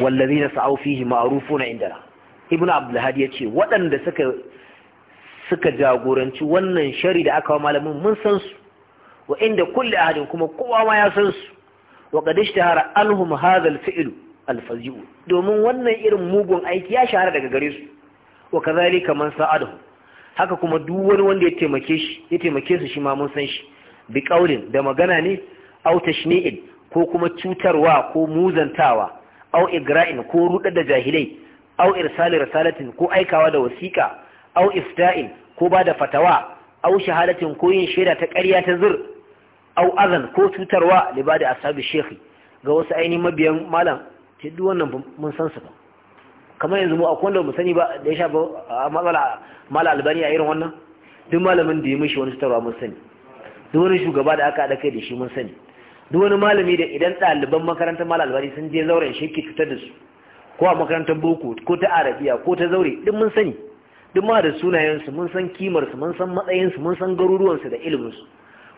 wallazina sa'u fihi ma'rufuna indana ibnu abdul hadi yace waɗanda suka suka jagoranci wannan shari da aka wa malamin mun san su wa inda kulli ahadin kuma kowa ma ya san su wa qad ishtahara alhum hadha al-fi'l domin wannan irin mugun aiki ya shahara daga gare su wa kazalika man sa'adahu haka kuma duk wani wanda ya taimake shi ya taimake su shi ma mun san shi bi qaulin da magana ne au tashni'in ko kuma cutarwa ko muzantawa Au igra'in ko ruɗa da jahilai au irsali risalatin ko aikawa da wasiƙa Au ifta'in ko ba da fatawa au shahadatin ko yin shaida ta ƙarya ta zur Au azan ko cutarwa libada ashabi shekhi ga wasu ainihin mabiyan malam ce duk wannan mun san su ba kamar yanzu mu akwai wanda mu sani ba da ya a matsala mala albani a irin wannan duk malamin da ya mishi wani sitarwa mun sani duk wani shugaba da aka haɗa kai da shi mun sani duk wani malami da idan ɗaliban makarantar mala albani sun je zauren shi ke cutar da su ko a makarantar boko ko ta arabiya ko ta zaure duk mun sani duk ma da sunayensu mun san kimarsu mun san matsayinsu mun san garuruwansu da su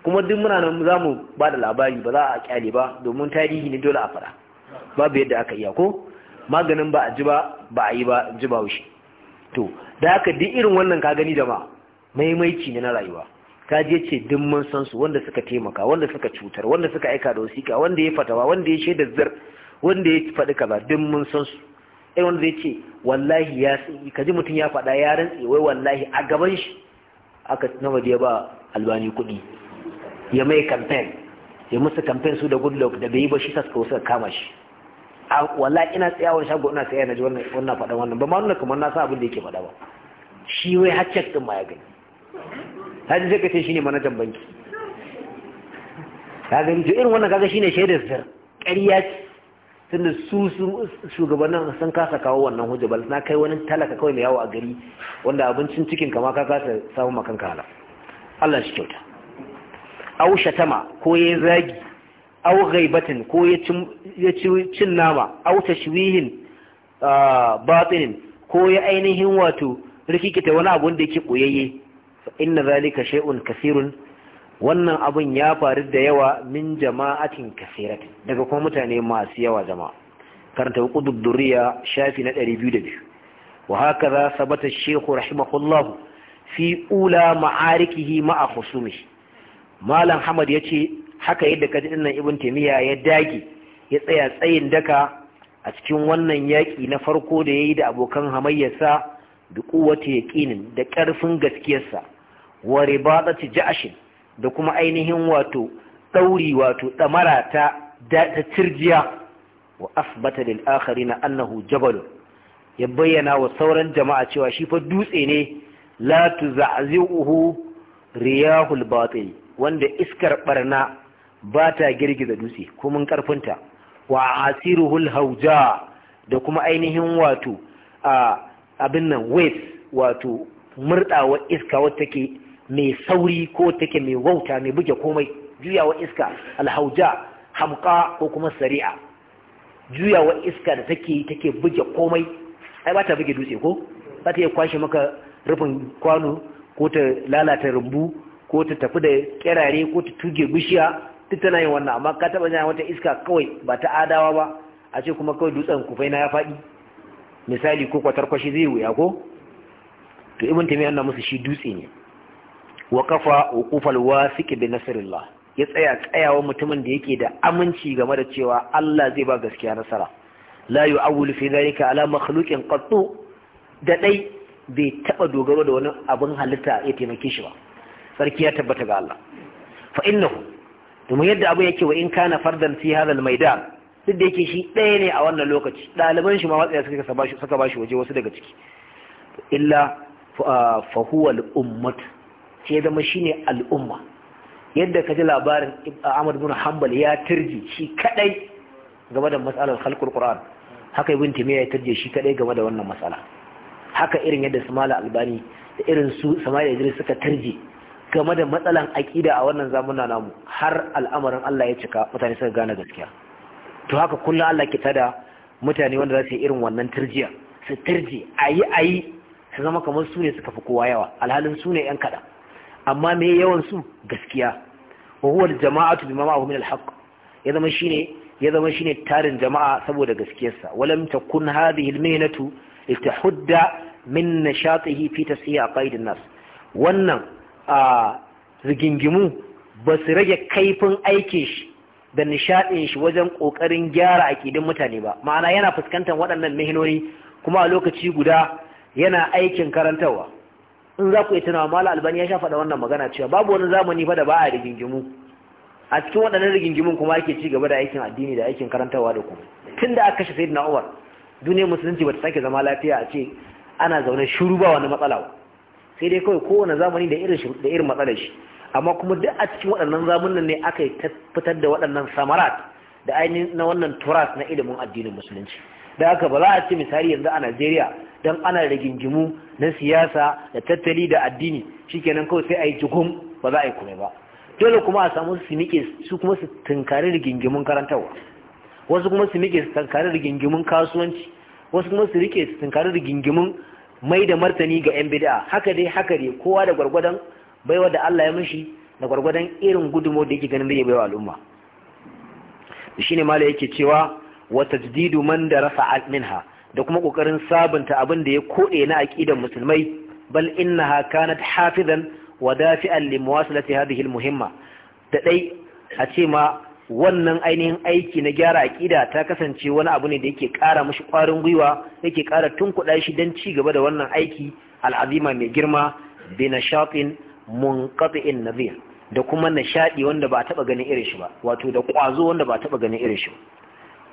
kuma duk muna nan za mu ba da labari ba za a kyale ba domin tarihi ne dole a fara babu yadda aka iya ko maganin ba a ji ba ba a yi ba ji ba wushi to da haka duk irin wannan ka gani ma maimaici ne na rayuwa ka je ce duk mun san su wanda suka taimaka wanda suka cutar wanda suka aika da wasiƙa wanda ya fatawa wanda ya shaida zar wanda ya faɗi kaza duk mun san su ai wanda zai ce wallahi ya kaji mutum ya faɗa ya rantsi wai wallahi a gaban shi aka na waje ya ba albani kuɗi ya mai campaign ya musu campaign su da goodluck da bai yi ba shi suka kama shi wallahi ina tsayawar shago ina tsaya na ji wannan faɗan wannan ba ma nuna kamar na sa abin da yake faɗa ba shi wai har ɗin ma ya gani haji sai ka ce shine manajan banki ka gani to irin wannan kaga shine shaidar sir ƙarya ce tunda su shugabannin sun kasa kawo wannan hujja ba na kai wani talaka kawai mai yawo a gari wanda abincin cikin kama ka kasa samun makan kala Allah shi kyauta aw shatama ko yi zagi au ghaibatin ko ya ci cin nama au tashwihin batinin ko ya ainihin wato rikikita wani abun da yake koyayye fa inna zalika shay'un kasirun wannan abun ya faru da yawa min jama'atin kasirat daga kuma mutane masu yawa jama'a karanta hukudud duriya shafi na 202 wa hakaza sabata shekhu rahimahullahu fi ula ma'arikihi ma'a khusumihi malam hamad yace haka yadda kaji dinnan ibn taymiya ya dage ya tsaya tsayin daka a cikin wannan yaƙi na farko da yayi da abokan hamayyarsa da kuwata yaqinin da ƙarfin gaskiyarsa wa ribadati ja'shin da kuma ainihin wato dauri wato ɗamara ta ta cirjiya. wa asbata lil na annahu Jabalu ya bayyana wa sauran jama'a cewa shi fa dutse ne la tuza'zihu riyahul batil wanda iskar barna ba ta girgiza dutse mun karfinta wa asiruhul hauja da kuma ainihin wato a abin nan waves wato murdawa iska wata take mai sauri ko take mai wauta mai buge komai juyawa iska alhauja hamka ko kuma sari'a juyawa iska da take take buge komai ai ba ta buge dutse ko Ba ta iya kwashe maka rufin kwano ko ta lalata rumbu ko ta tafi da kerare ko ta tuge bishiya duk tana yin wannan amma ka taba jana wata iska kawai ba ta adawa ba a ce kuma kawai dutsen kufai na ya faɗi misali ko kwatar kwashi zai wuya ko to ibn tamiya na musu shi dutse ne wa kafa wa kufal wasiq bi nasrillah ya tsaya tsayawa mutumin da yake da aminci game da cewa Allah zai ba gaskiya nasara la yu'awwil fi dhalika ala makhluqin qattu da dai bai taɓa dogaro da wani abin halitta ya taimake shi ba sarki ya tabbata ga Allah fa innahu domin yadda abu yake wa in kana fardan fi hada al-maidan duk da yake shi ɗaya ne a wannan lokaci ɗaliban shi ma matsaya suka bashi suka bashi waje wasu daga ciki illa fa huwa al-ummat sai zama shine al-umma yadda ka ji labarin Ahmad bin Hanbal ya turji shi kadai game da matsalar khalqul Qur'an haka ibn Taymiyyah ya turje shi kadai game da wannan matsala haka irin yadda Sumala Albani da irin su Sama'il Idris suka turje game da matsalan aƙida a wannan zamuna namu har al'amarin Allah ya cika mutane suka gane gaskiya to haka kullum Allah ke tada mutane wanda za su yi irin wannan turjiya su turje ayi ayi su zama kamar su ne suka fi kowa yawa alhalin su ne yan kaɗan amma me yawan su gaskiya wa huwa jama'atu bima ma'ahu min al-haqq ya zama shine ya zama shine tarin jama'a saboda gaskiyarsa walam takun hadhihi al-mihnatu litahudda min nashatihi fi tashiya qaidin nas wannan a rigingimu ba su rage kaifin aikin shi da nishaɗin shi wajen ƙoƙarin gyara aƙidin mutane ba ma'ana yana fuskantar waɗannan mihinoni kuma a lokaci guda yana aikin karantarwa in za ku yi tunawa mala albani ya sha faɗa wannan magana cewa babu wani zamani fa da ba a rigingimu a cikin waɗannan rigingimun kuma ake ci gaba da aikin addini da aikin karantarwa da kuma tun da aka kashe sayyidina umar duniyar musulunci ba ta sake zama lafiya a ce ana zaune shiru ba wani matsala ba sai dai kawai kowane zamani da irin da matsalar shi amma kuma duk a cikin waɗannan zamanin ne aka yi fitar da waɗannan samarat da ainihin na wannan turas na ilimin addinin musulunci da aka ba za a ce misali yanzu a Najeriya don ana rigingimu na siyasa da tattali da addini shi kenan kawai sai a yi jigum ba za a yi kuma ba dole kuma a samu su miƙe su kuma su tunkari rigingimun karantarwa wasu kuma su miƙe su tunkari rigingimun kasuwanci wasu kuma su rike su tunkari rigingimun mai da martani ga yan bid'a haka dai haka dai kowa da gwargwadon baiwa da Allah ya mishi da gwargwadon irin gudumo da yake ganin zai baiwa al'umma shine mala yake cewa wa tajdidu man da rafa minha da kuma kokarin sabunta abin da ya kode na aqidan musulmai bal innaha kanat hafizan wa dafi'an li muwasalati hadhihi al muhimma da dai a ce ma wannan ainihin aiki na gyara aƙida ta kasance wani abu ne da yake ƙara mashi ƙwarin gwiwa yake ƙara tunkuɗa shi don ci gaba da wannan aiki al'azima mai girma bi nashatin munqati'in nazir da kuma nishaɗi wanda ba taɓa ganin irin shi ba wato da ƙwazo wanda ba taɓa ganin irin shi ba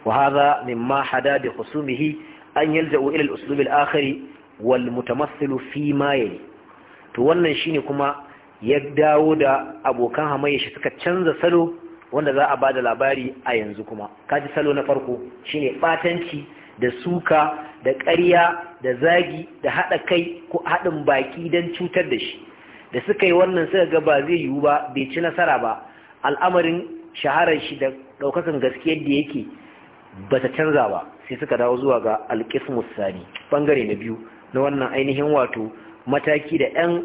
wa hadha mimma hada bi khusumihi an yalza'u ila al-uslub al-akhir wal mutamassilu fi ma yali to wannan shine kuma ya dawo da abokan hamayya shi suka canza salo wanda za a bada labari a yanzu kuma kaji salo na farko shine batanci da suka da ƙarya da zagi da haɗa kai ko haɗin baki don cutar da shi da suka yi wannan suka ga ba zai yiwu ba bai ci nasara ba al'amarin shaharar shi da ɗaukakan gaskiyar da yake ba ta canza ba sai suka dawo zuwa ga alƙismus sani Bangare na biyu na wannan ainihin wato mataki da 'yan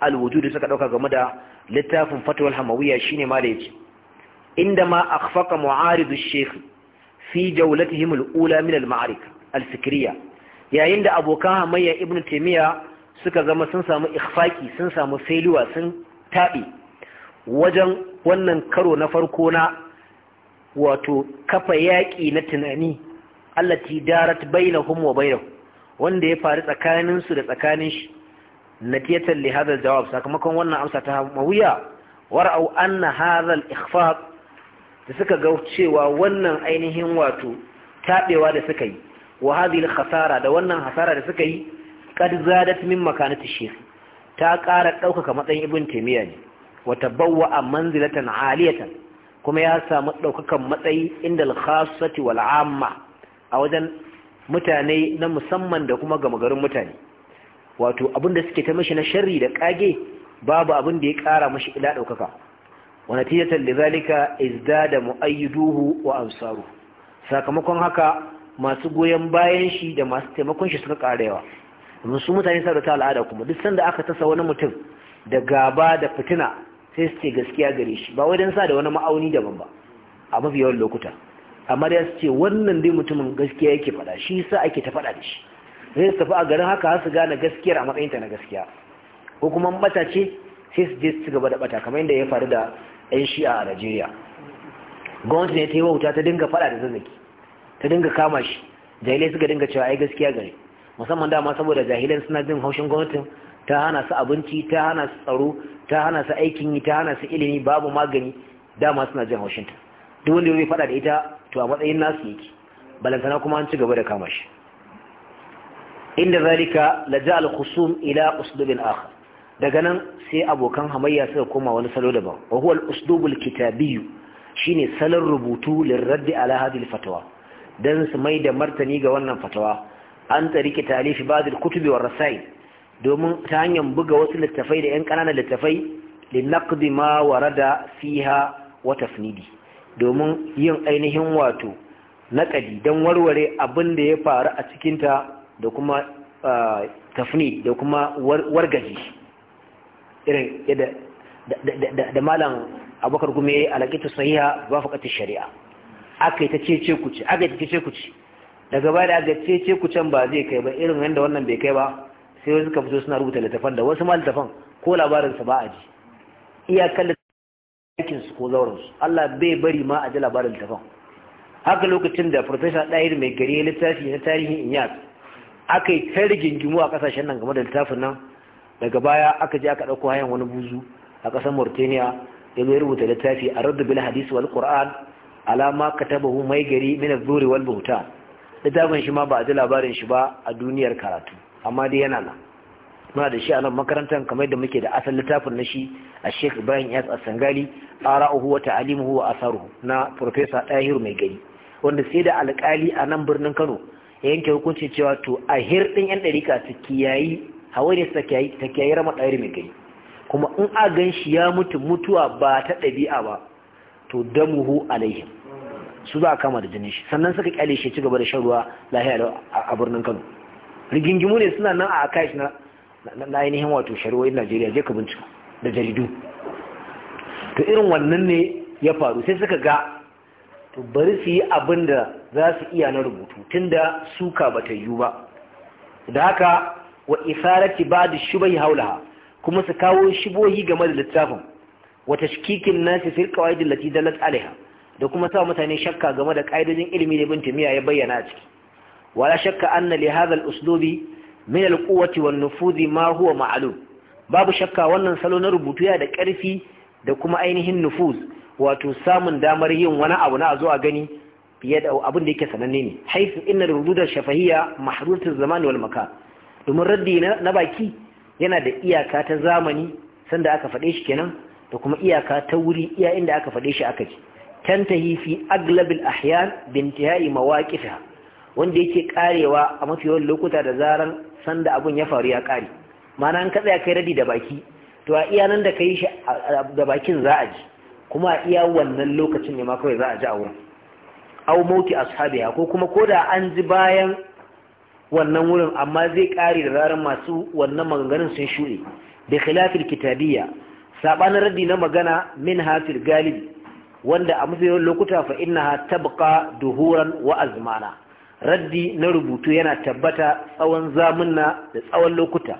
alwudu da suka ɗauka game da littafin fatawar hamawiya shine ma da ya Inda عندما أخفق معارض الشيخ في جولتهم الأولى من المعارك الفكرية yayin da abokan hamayya ibn taimiyya suka zama sun samu ikhfaki sun samu failure sun taɓi wajen wannan karo na farko na wato kafa yaƙi na tunani allati darat bainahum wa bainahu wanda ya faru tsakaninsu da tsakanin shi natiyatan li hadha jawab sakamakon wannan amsa ta mawuya warau anna hadha al-ikhfaq da suka ga cewa wannan ainihin wato taɓewa da suka yi wa hadhihi khasara da wannan hasara da suka yi kad zadat min makanati shaykh ta ƙara ɗaukaka matsayin ibn taymiya ne wa tabawwa manzilatan aliyatan kuma ya samu ɗaukakan matsayi inda al-khassati wal amma a wajen mutane na musamman da kuma gama garin mutane wato abinda suke ta mashi na sharri da kage babu abin da ya ƙara mashi ila ɗaukaka ونتيجة لذلك ازداد مؤيدوه وأنصاره sakamakon haka masu goyon bayan shi da masu taimakon shi suka karewa domin su mutane sa da ta al'ada kuma duk sanda aka tasa wani mutum da gaba da fitina sai su ce gaskiya gare shi ba wajen sa da wani ma'auni daban ba a mafi yawan lokuta amma dai su ce wannan dai mutumin gaskiya yake faɗa shi sa ake ta faɗa da shi sai su tafi a garin haka har su gane gaskiyar a matsayinta na gaskiya ko kuma bata ce sai su je su gaba da bata kamar yadda ya faru da 'yan shi'a a najeriya gwamnati ne ta yi wauta ta dinga fada da zazzaki ta dinga kama shi jahilai suka dinga cewa ai gaskiya gare musamman dama saboda jahilan suna jin haushin gwamnatin ta hana su abinci ta hana su tsaro ta hana su aikin yi ta hana su ilimi babu magani dama suna jin haushin ta. duk wanda ya fada da ita to a matsayin nasu yake balantana kuma an ci gaba da kama shi inda zalika la ja'al khusum ila usdubin akhar daga nan sai abokan hamayya suka koma wani salo daban wa huwa al-uslubul kitabiyyu shine salon rubutu lirradd ala hadhihi fatawa dan su mai da martani ga wannan fatawa an tariki talifi ba'd kutubi war rasail domin ta hanyar buga wasu littafai da yan kananan littafai linaqdi ma warada fiha wa tafnidi domin yin ainihin wato naqadi don warware abin da ya faru a cikinta da kuma ah, tafnid da kuma wargaji irin da malam abubakar kuma a alaƙitu sahiha wafaqat shari'a aka yi ta cece kuce ce yi ta cece kuce daga baya da aka cece kucen ba zai kai ba irin yadda wannan bai kai ba sai wasu ka fito suna rubuta littafan da wasu ma littafan ko labarinsa ba a ji iyakar aikin su ko zauransu Allah bai bari ma a ji labarin littafan haka lokacin da farfesa Dair mai gari littafi na tarihin Inyas aka yi ta rigingimu a kasashen nan game da littafin nan daga baya aka je aka ɗauko hayan wani buzu a ƙasar mauritania ya zo rubuta littafi a raddu bil hadisi wal qur'an alama katabahu mai gari min az-zuri wal buhta littafin shi ma ba a ji labarin shi ba a duniyar karatu amma dai yana nan muna da shi a nan makarantar kamar da muke da asal littafin na shi a sheikh ibrahim yas asangali ara'uhu wa ta'alimuhu wa asaruhu na professor dahir mai gari wanda sai da alƙali a nan birnin kano ya yanke hukunci cewa to a hirɗin yan ɗarika su kiyayi hawainiya ta kiyayi rama ɗari mai gani kuma in a gan shi ya mutu mutuwa ba ta ɗabi'a ba to damuhu alaihim su za a kama da jinin shi sannan suka kyale shi ci gaba da shan ruwa lahiya a birnin kano rigingimu ne suna nan a akash na na ainihin wato shari'o'in najeriya je ka bincika da jaridu to irin wannan ne ya faru sai suka ga to bari su yi abin da za su iya na rubutu tunda suka ba ta yiwu ba da haka wa isarati ba'd shubahi haulaha kuma su kawo shubohi game da littafin wa tashkikin nasi fil qawaid allati dalat alaiha da kuma sa mutane shakka game da kaidojin ilimi da ibn timiya ya bayyana a ciki wala shakka anna li hadha al uslubi min al quwwati wan nufuzi ma huwa ma'lum babu shakka wannan salo na rubutu ya da karfi da kuma ainihin nufuz wato samun damar yin wani abu na zo a gani fiye da abin da yake sananne ne haifu inna rubutar shafahiyya mahrutatul zaman wal makan domin raddi na baki yana da iyaka ta zamani sanda aka faɗe shi kenan da kuma iyaka ta wuri iya inda aka faɗe shi aka ji tantahi fi aglabil ahyan bintihai mawaqifha wanda yake karewa a mafi yawan lokuta da zaran sanda abun ya faru ya kare mana an ka tsaya kai radi da baki to a iya nan da kai shi da bakin za a ji kuma a iya wannan lokacin ne ma kawai za a ji a wurin au mauti ashabiha ko kuma koda an ji bayan wannan wurin amma zai kare da zarar masu wannan maganganun sun shuɗe da khilafil kitabiyya sabanin raddi na magana min hafil galibi wanda a mafi lokuta fa innaha tabqa duhuran wa azmana raddi na rubutu yana tabbata tsawon zamunna da tsawon lokuta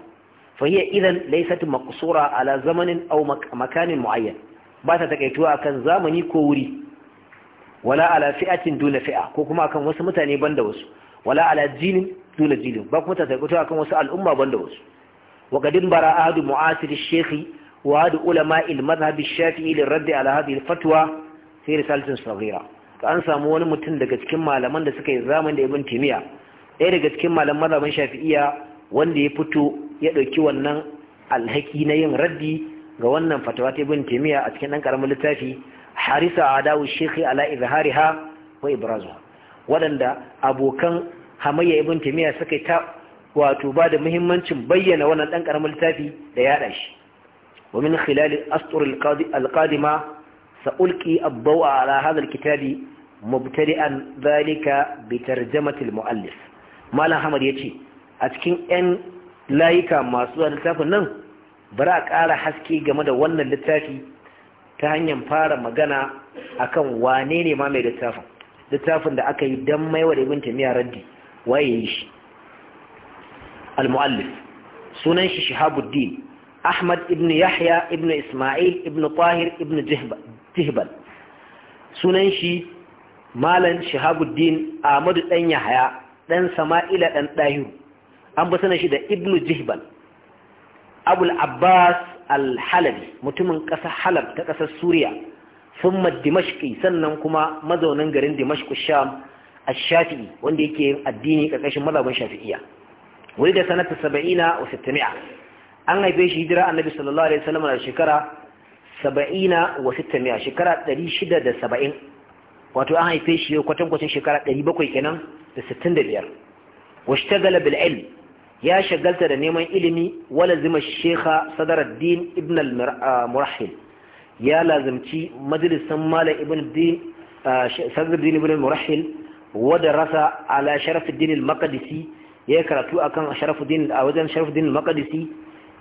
fa idan laysat makusura ala zamanin au makanin muayyan ba ta takaituwa akan zamani ko wuri wala ala fi'atin duna fi'a ko kuma akan wasu mutane banda wasu wala ala jinin tuna jilin ba kuma ta taƙaito akan wasu al'umma banda wasu wa gadin bara ahadu mu'asir shekhi wa hadu ulama il mazhabi shafi'i da raddi ala hadhihi fatwa fi risalatin saghira ka an samu wani mutum daga cikin malaman da suka yi zamani da ibn timiya ɗaya daga cikin malaman mazhaban shafi'iya wanda ya fito ya ɗauki wannan alhaki na yin raddi ga wannan fatawa ta ibn timiya a cikin ɗan ƙaramin littafi harisa adawu shekhi ala izhariha wa ibrazuha waɗanda abokan hamayya ibn taymiya suka ta wato ba da muhimmancin bayyana wannan dan karamin littafi da yada shi wa min khilal al-qadima sa'ulqi ad ala hadha alkitabi mubtadi'an dhalika bi tarjamati almu'allif malam hamad yace a cikin yan layika masu littafin nan bari a ƙara haske game da wannan littafi ta hanyar fara magana akan wane ne ma mai littafin littafin da aka yi don maiwa da ibn taymiya raddi waye shi al-muallif sunan shi shihabuddin ahmad ibn yahya ibn isma'il ibn tahir ibn jihbal sunan shi malan shahabuddin ahmadu dan yahya dan sama'ila dan dahiru an bi shi da ibn jihbal abul abbas al-halabi mutumin ƙasar halab ta ƙasar suriya sun dimashqi sannan kuma mazaunin garin dimashqu sham a shafii wanda yake yin addini karkashin mazhabin shafi'iyya wani da sanata 70 wa 600 an haife shi hijira annabi sallallahu alaihi wasallam a shekara 70 wa 600 shekara 670 wato an haife shi kwatankwacin shekara 700 kenan da 65 washtagala bil ya shagalta da neman ilimi wala zima shekha sadaraddin ibn al-murahil ya lazimci majalisan malam ibn din ah, sadaraddin murahil wadda rasa ala sharafuddin al-maqdisi ya karatu akan sharafuddin a wajen sharafuddin al-maqdisi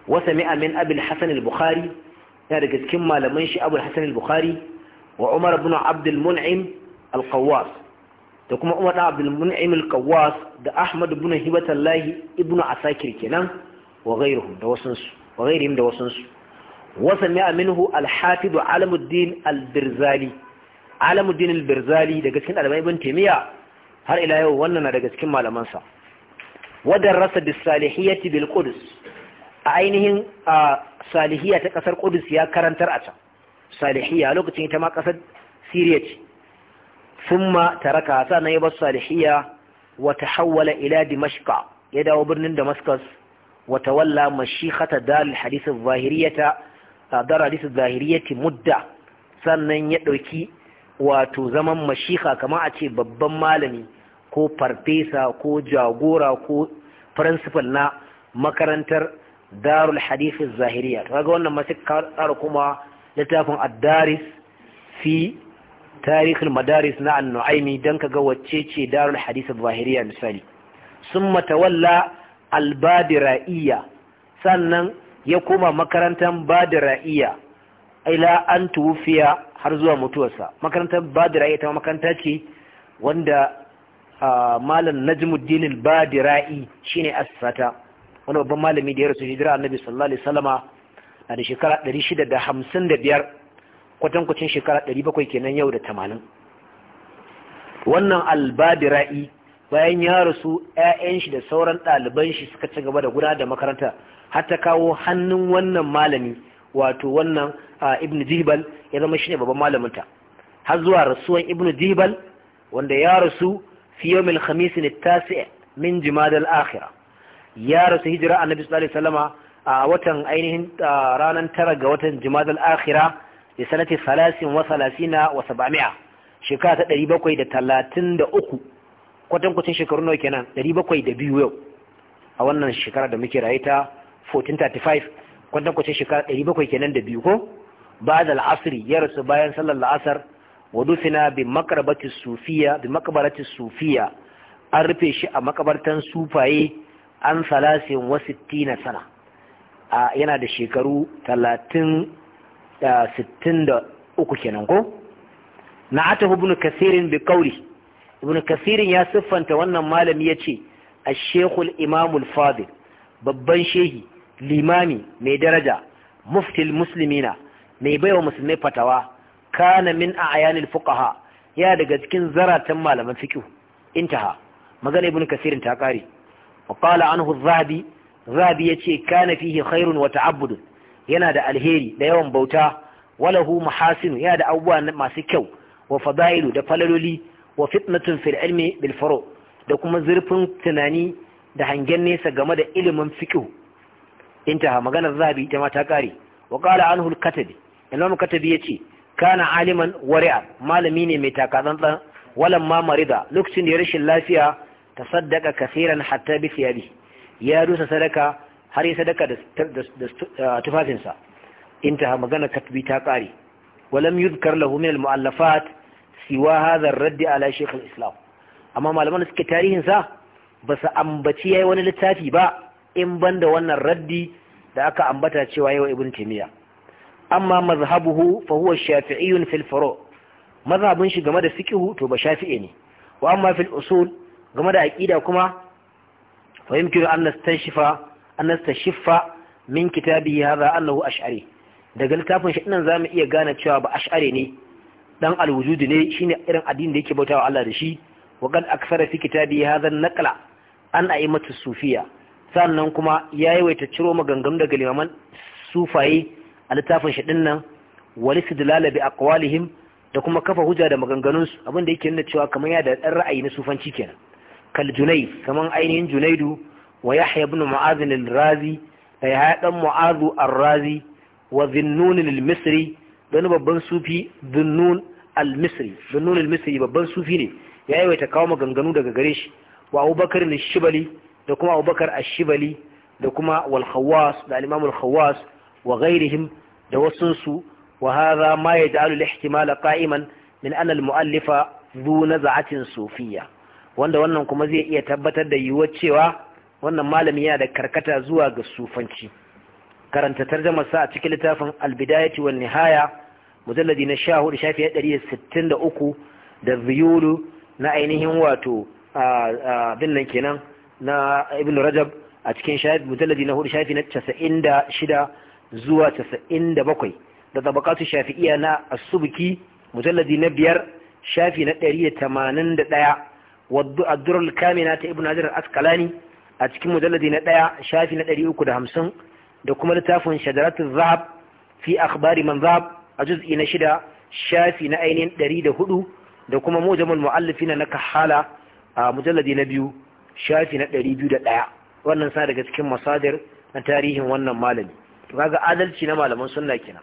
wa sami'a min abul hasan al-bukhari ya daga cikin malaman shi abul hasan al-bukhari wa umar ibn abd al-mun'im al-qawwas da kuma umar ibn abd al-mun'im al-qawwas da ahmad ibn hibatullah ibn asakir kenan wa ghayruhum da wasansu wa ghayrihim da wasansu wa sami'a minhu al-hafid alamuddin al-birzali alamuddin al-birzali daga cikin albaibin taymiya har ila yau wannan na daga cikin malamansa wadar rasa bisalihiyati bil qudus a ainihin salihiyya ta kasar qudus ya karantar a can salihiyya lokacin ita ma kasar siriya ce thumma taraka na yi bar salihiyya wata hawwala ila dimashqa ya dawo birnin damascus wata walla mashikata dal hadith adh dar mudda sannan ya dauki wato zaman mashiha kama a ce babban malami ko farfesa ko jagora ko principal na makarantar darul hadifin zahiriya ta ga wannan masu kara kuma littafin addaris fi tarihin madaris na annu'aimi don ga wacce ce darul hadifin zahiriya misali sun matawalla albadira'iya sannan ya koma makarantar badira'iya ila an tuwufiya har zuwa mutuwarsa makarantar badira'iya ta makaranta ce wanda malam najmuddin al-badira'i shine asfata wani babban malami da ya rasu hijira annabi sallallahu alaihi wasallama na da shekara 655 kwatankwacin shekara 700 kenan yau da 80 wannan al-badira'i bayan ya rasu 'ya'yan shi da sauran ɗaliban shi suka ci gaba da gudanar da makaranta har ta kawo hannun wannan malami wato wannan ibnu jibal ya zama shine babban ta har zuwa rasuwan ibn jibal wanda ya rasu fi yawmil khamis ta tasi min jimadar al ya rasu hijira annabi sallallahu alaihi wasallama a watan ainihin ranar tara ga watan jumada al-akhirah da sanati 33 wa 700 shekara ta ɗari bakwai da da talatin 733 kwatankwacin shekaru nawa kenan ɗari bakwai da biyu yau a wannan shekara da muke raye ta 1435 kwatankwacin shekara ɗari bakwai kenan da biyu ko ba da la'asiri ya rasu bayan sallar la'asar ودفن بمقبرة الصوفية بمقبرة an rufe shi a makabartar sufaye an salasin wasu tina sana a yana da shekaru talatin da sittin da uku kenan ko na ibn kasirin bi ibn kasirin ya siffanta wannan malami ya ce a shekul imamul fadil babban shehi limami mai daraja muftil muslimina mai baiwa musulmai fatawa kana min a'yanil fukaha ya daga cikin zaratan malaman fikihu intaha magana ibn kasirin ta kare wa qala anhu zabi zahabi zahabi yace kana fihi khairun wa ta'abbud yana da alheri da yawan bauta walahu mahasinu yana da abubuwa masu kyau wa fadailu da falaloli wa fitnatun fil ilmi bil furu da kuma zurfin tunani da hangen nesa game da ilimin fiqh intaha maganar zabi ita ma ta kare wa qala anhu al-katabi imam katabi yace kana aliman wari'a malami ne mai takatsantsan walan ma marida lokacin da ya rashin lafiya ta saddaka kasiran hatta bi siyabi ya rusa sadaka har ya sadaka da tufafinsa intaha magana katbi ta kare walam yuzkar lahu min almu'allafat siwa hadha ar-radd ala shaykh al-islam amma malaman suke tarihin sa ba su ambaci yayi wani littafi ba in banda wannan raddi da aka ambata cewa yayi wa ibn timiya amma mazhabuhu fa huwa shafi'iyyun fil furu' mazhabin shi game da fiqhu to ba shafi'i ne wa amma fil usul game da aqida kuma fa yumkinu an nastashifa an nastashifa min kitabihi hadha annahu ash'ari daga littafin shi nan zamu iya gane cewa ba ash'ari ne dan alwujudi ne shine irin addini da yake bautawa Allah da shi wa qad akthara fi kitabihi hadha an-naqla an a'imatus sufiyya sannan kuma ya yawaita ciro maganganu daga limaman sufaye a littafin shi dinnan wali dalala bi aqwalihim da kuma kafa hujja da maganganun abinda abin da yake nuna cewa kamar ya da dan ra'ayi na sufanci kenan kal junai kamar ainihin junaidu wa yahya ibn mu'adh al-razi da yahya dan mu'adh al razi wa dhinnun al-misri dan babban sufi dhinnun al-misri dhinnun al-misri babban sufi ne ya yawaita kawo maganganu daga gare shi wa abubakar al-shibali da kuma abubakar al-shibali da kuma wal khawas da al-imam khawas wa ghairihim da su wa hadha ma yaj'alu al-ihtimala qa'iman min anna al-mu'allifa dhu naz'atin sufiyya wanda wannan kuma zai iya tabbatar da yiwuwar cewa wannan malami yana da karkata zuwa ga sufanci karanta tarjamar sa a cikin littafin al-bidayati wa nihaya mujalladi na 14 shafi 163 da ziyulu na ainihin wato bin nan kenan na ibn rajab a cikin shafi mujalladi na 4 shafi na 96 zuwa 97 da tabakatu shafi'iyya na asubuki mujalladi na biyar shafi na 181 wadda addurul kamina ta ibn hajar askalani a cikin mujalladi na ɗaya shafi na 350 da kuma littafin shadaratu zahab fi akhbari man zahab a juz'i na shida shafi na ainihin 104 da kuma mujamul mu'allifina na kahala a mujalladi na biyu shafi na 201 wannan sa daga cikin masadir na tarihin wannan malami to kaga adalci na malaman sunna kina,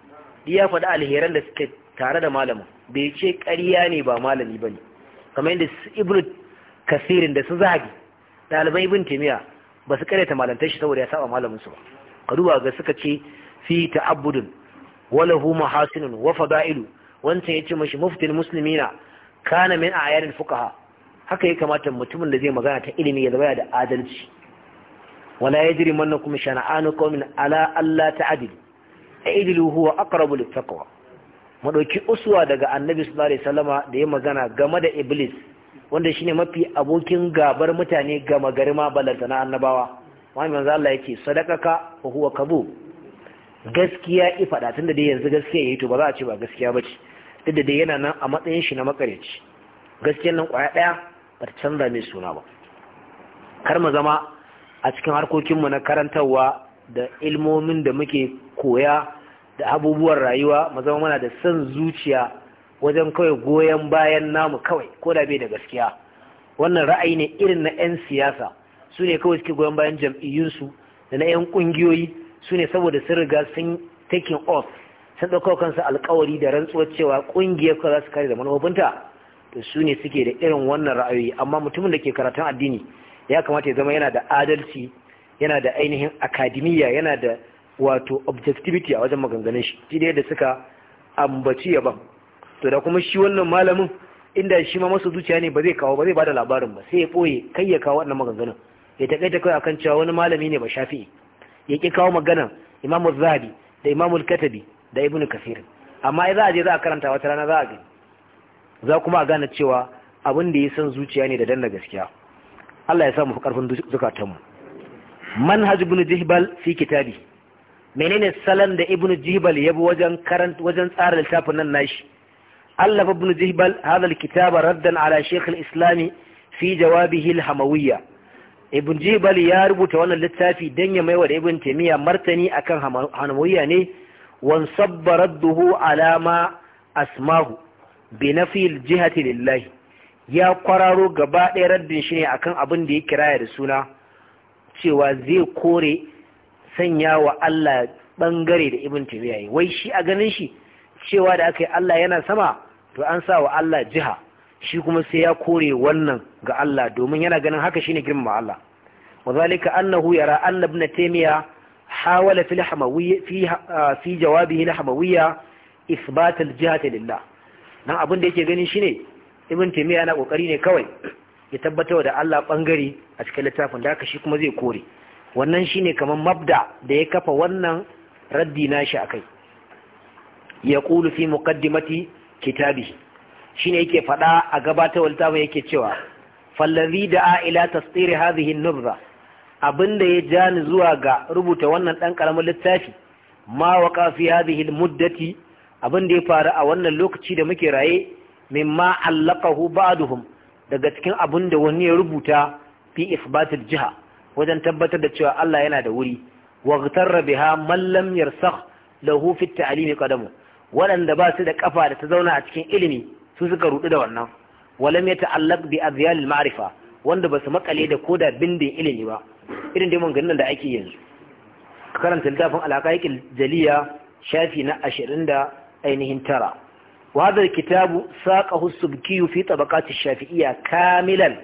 iya faɗi alheran da suke tare da malamin bai ce ƙarya ne ba malami bane kamar yadda ibnu kasirin da su zagi ɗalibai ibn timiya ba su karyata malantar shi saboda ya saba malamin su ba ka duba ga suka ce fi ta'abbudun walahu hu mahasinun wa fada'ilu wancan yace mashi muftin muslimina kana min a'yarin fuqaha haka ya kamata mutumin da zai magana ta ilimi ya zama da adalci wala yajrimannakum shana'anu qaumin ala alla ta'dil i'dilu huwa aqrabu littaqwa mu dauki uswa daga annabi sallallahu alaihi wasallama da ya magana game da iblis wanda shine mafi abokin gabar mutane gama gari ma balanta na annabawa wani manzo Allah yake sadakaka wa huwa kabu gaskiya i fada tunda dai yanzu gaskiya yayi to ba za a ce ba gaskiya bace duk da dai yana nan a matsayin shi na makareci gaskiyar nan kwaya daya ba ta canza mai suna ba kar mu zama a cikin harkokinmu na karantarwa da ilmomin da muke koya da abubuwan rayuwa mu zama mana da son zuciya wajen kawai goyon bayan namu kawai ko da bai da gaskiya wannan ra'ayi ne irin na 'yan siyasa su ne kawai suke goyon bayan jam'iyyunsu da na 'yan ƙungiyoyi su ne saboda sun riga sun taking off sun ɗauka kansu alkawari da rantsuwar cewa ƙungiyar ka za su kare da manufofinta to su ne suke da irin wannan ra'ayoyi amma mutumin da ke karatun addini ya kamata ya zama yana da adalci yana da ainihin akademiya yana da wato objectivity a wajen maganganun shi shi da suka ambaci ya ban? to da kuma shi wannan malamin inda shi ma masu zuciya ne ba zai kawo ba zai bada labarin ba sai ya ɓoye kai ya kawo wannan maganganun ya ta kai akan cewa wani malami ne ba shafi'i ya ki kawo magana imamu zahabi da imamu katabi da ibn kasir amma za a je za a karanta wata rana za a gani za kuma a gane cewa abin da ya san zuciya ne da danna gaskiya Allah ya samu fi karfin zukatanmu manhaj ibn jihbal fi kitabi menene salon da ibn jihbal ya bi wajen karanta wajen tsara littafin nan nashi allafa ibn jihbal hadha kitaba raddan ala shaykh islami fi jawabihi alhamawiyya ibn jihbal ya rubuta wannan littafi dan ya maiwa da ibn taimiyya martani akan hamawiyya ne wan sabba radduhu alama asmahu bi nafi jihati lillahi ya kwararo gaba ɗaya raddin shi ne akan abin da ya kiraya da suna cewa zai kore sanya wa Allah ɓangare da ibn taymiya wai shi a ganin shi cewa da aka yi Allah yana sama to an sa wa Allah jiha shi kuma sai ya kore wannan ga Allah domin yana ganin haka shine girmama Allah wa zalika annahu yara anna ibn taymiya hawala fi hamawiyya fi ah, fi jawabihi al-hamawiyya isbat al-jihati lillah nan abin da yake shi shine ibn taymiya yana kokari ne kawai ya tabbatar da Allah bangare a cikin littafin da haka shi kuma zai kore wannan shine kamar mabda da ya kafa wannan raddi nashi akai kulu fi muqaddimati kitabi shine yake fada a gabatar littafin yake cewa fallazi da'a ila tasdir hadhihi an abinda ya jani zuwa ga rubuta wannan dan karamin littafi ma waqa fi hadhihi muddati abinda ya faru a wannan lokaci da muke raye mimma allaqahu ba'duhum daga cikin abin da wani ya rubuta fi isbatil jiha wajen tabbatar da cewa Allah yana da wuri wa ghtarra biha man lam yarsakh lahu fi ta'limi qadamu waɗanda ba su da kafa da ta zauna a cikin ilimi su suka rudu da wannan walam yata'allaq bi azyal ma'rifa wanda ba su makale da koda bindin ilimi ba irin dai ganin da ake yanzu karanta littafin alaƙaƙin jaliya shafi na ashirin da ainihin tara وهذا الكتاب ساقه السبكي في طبقات الشافعية كاملا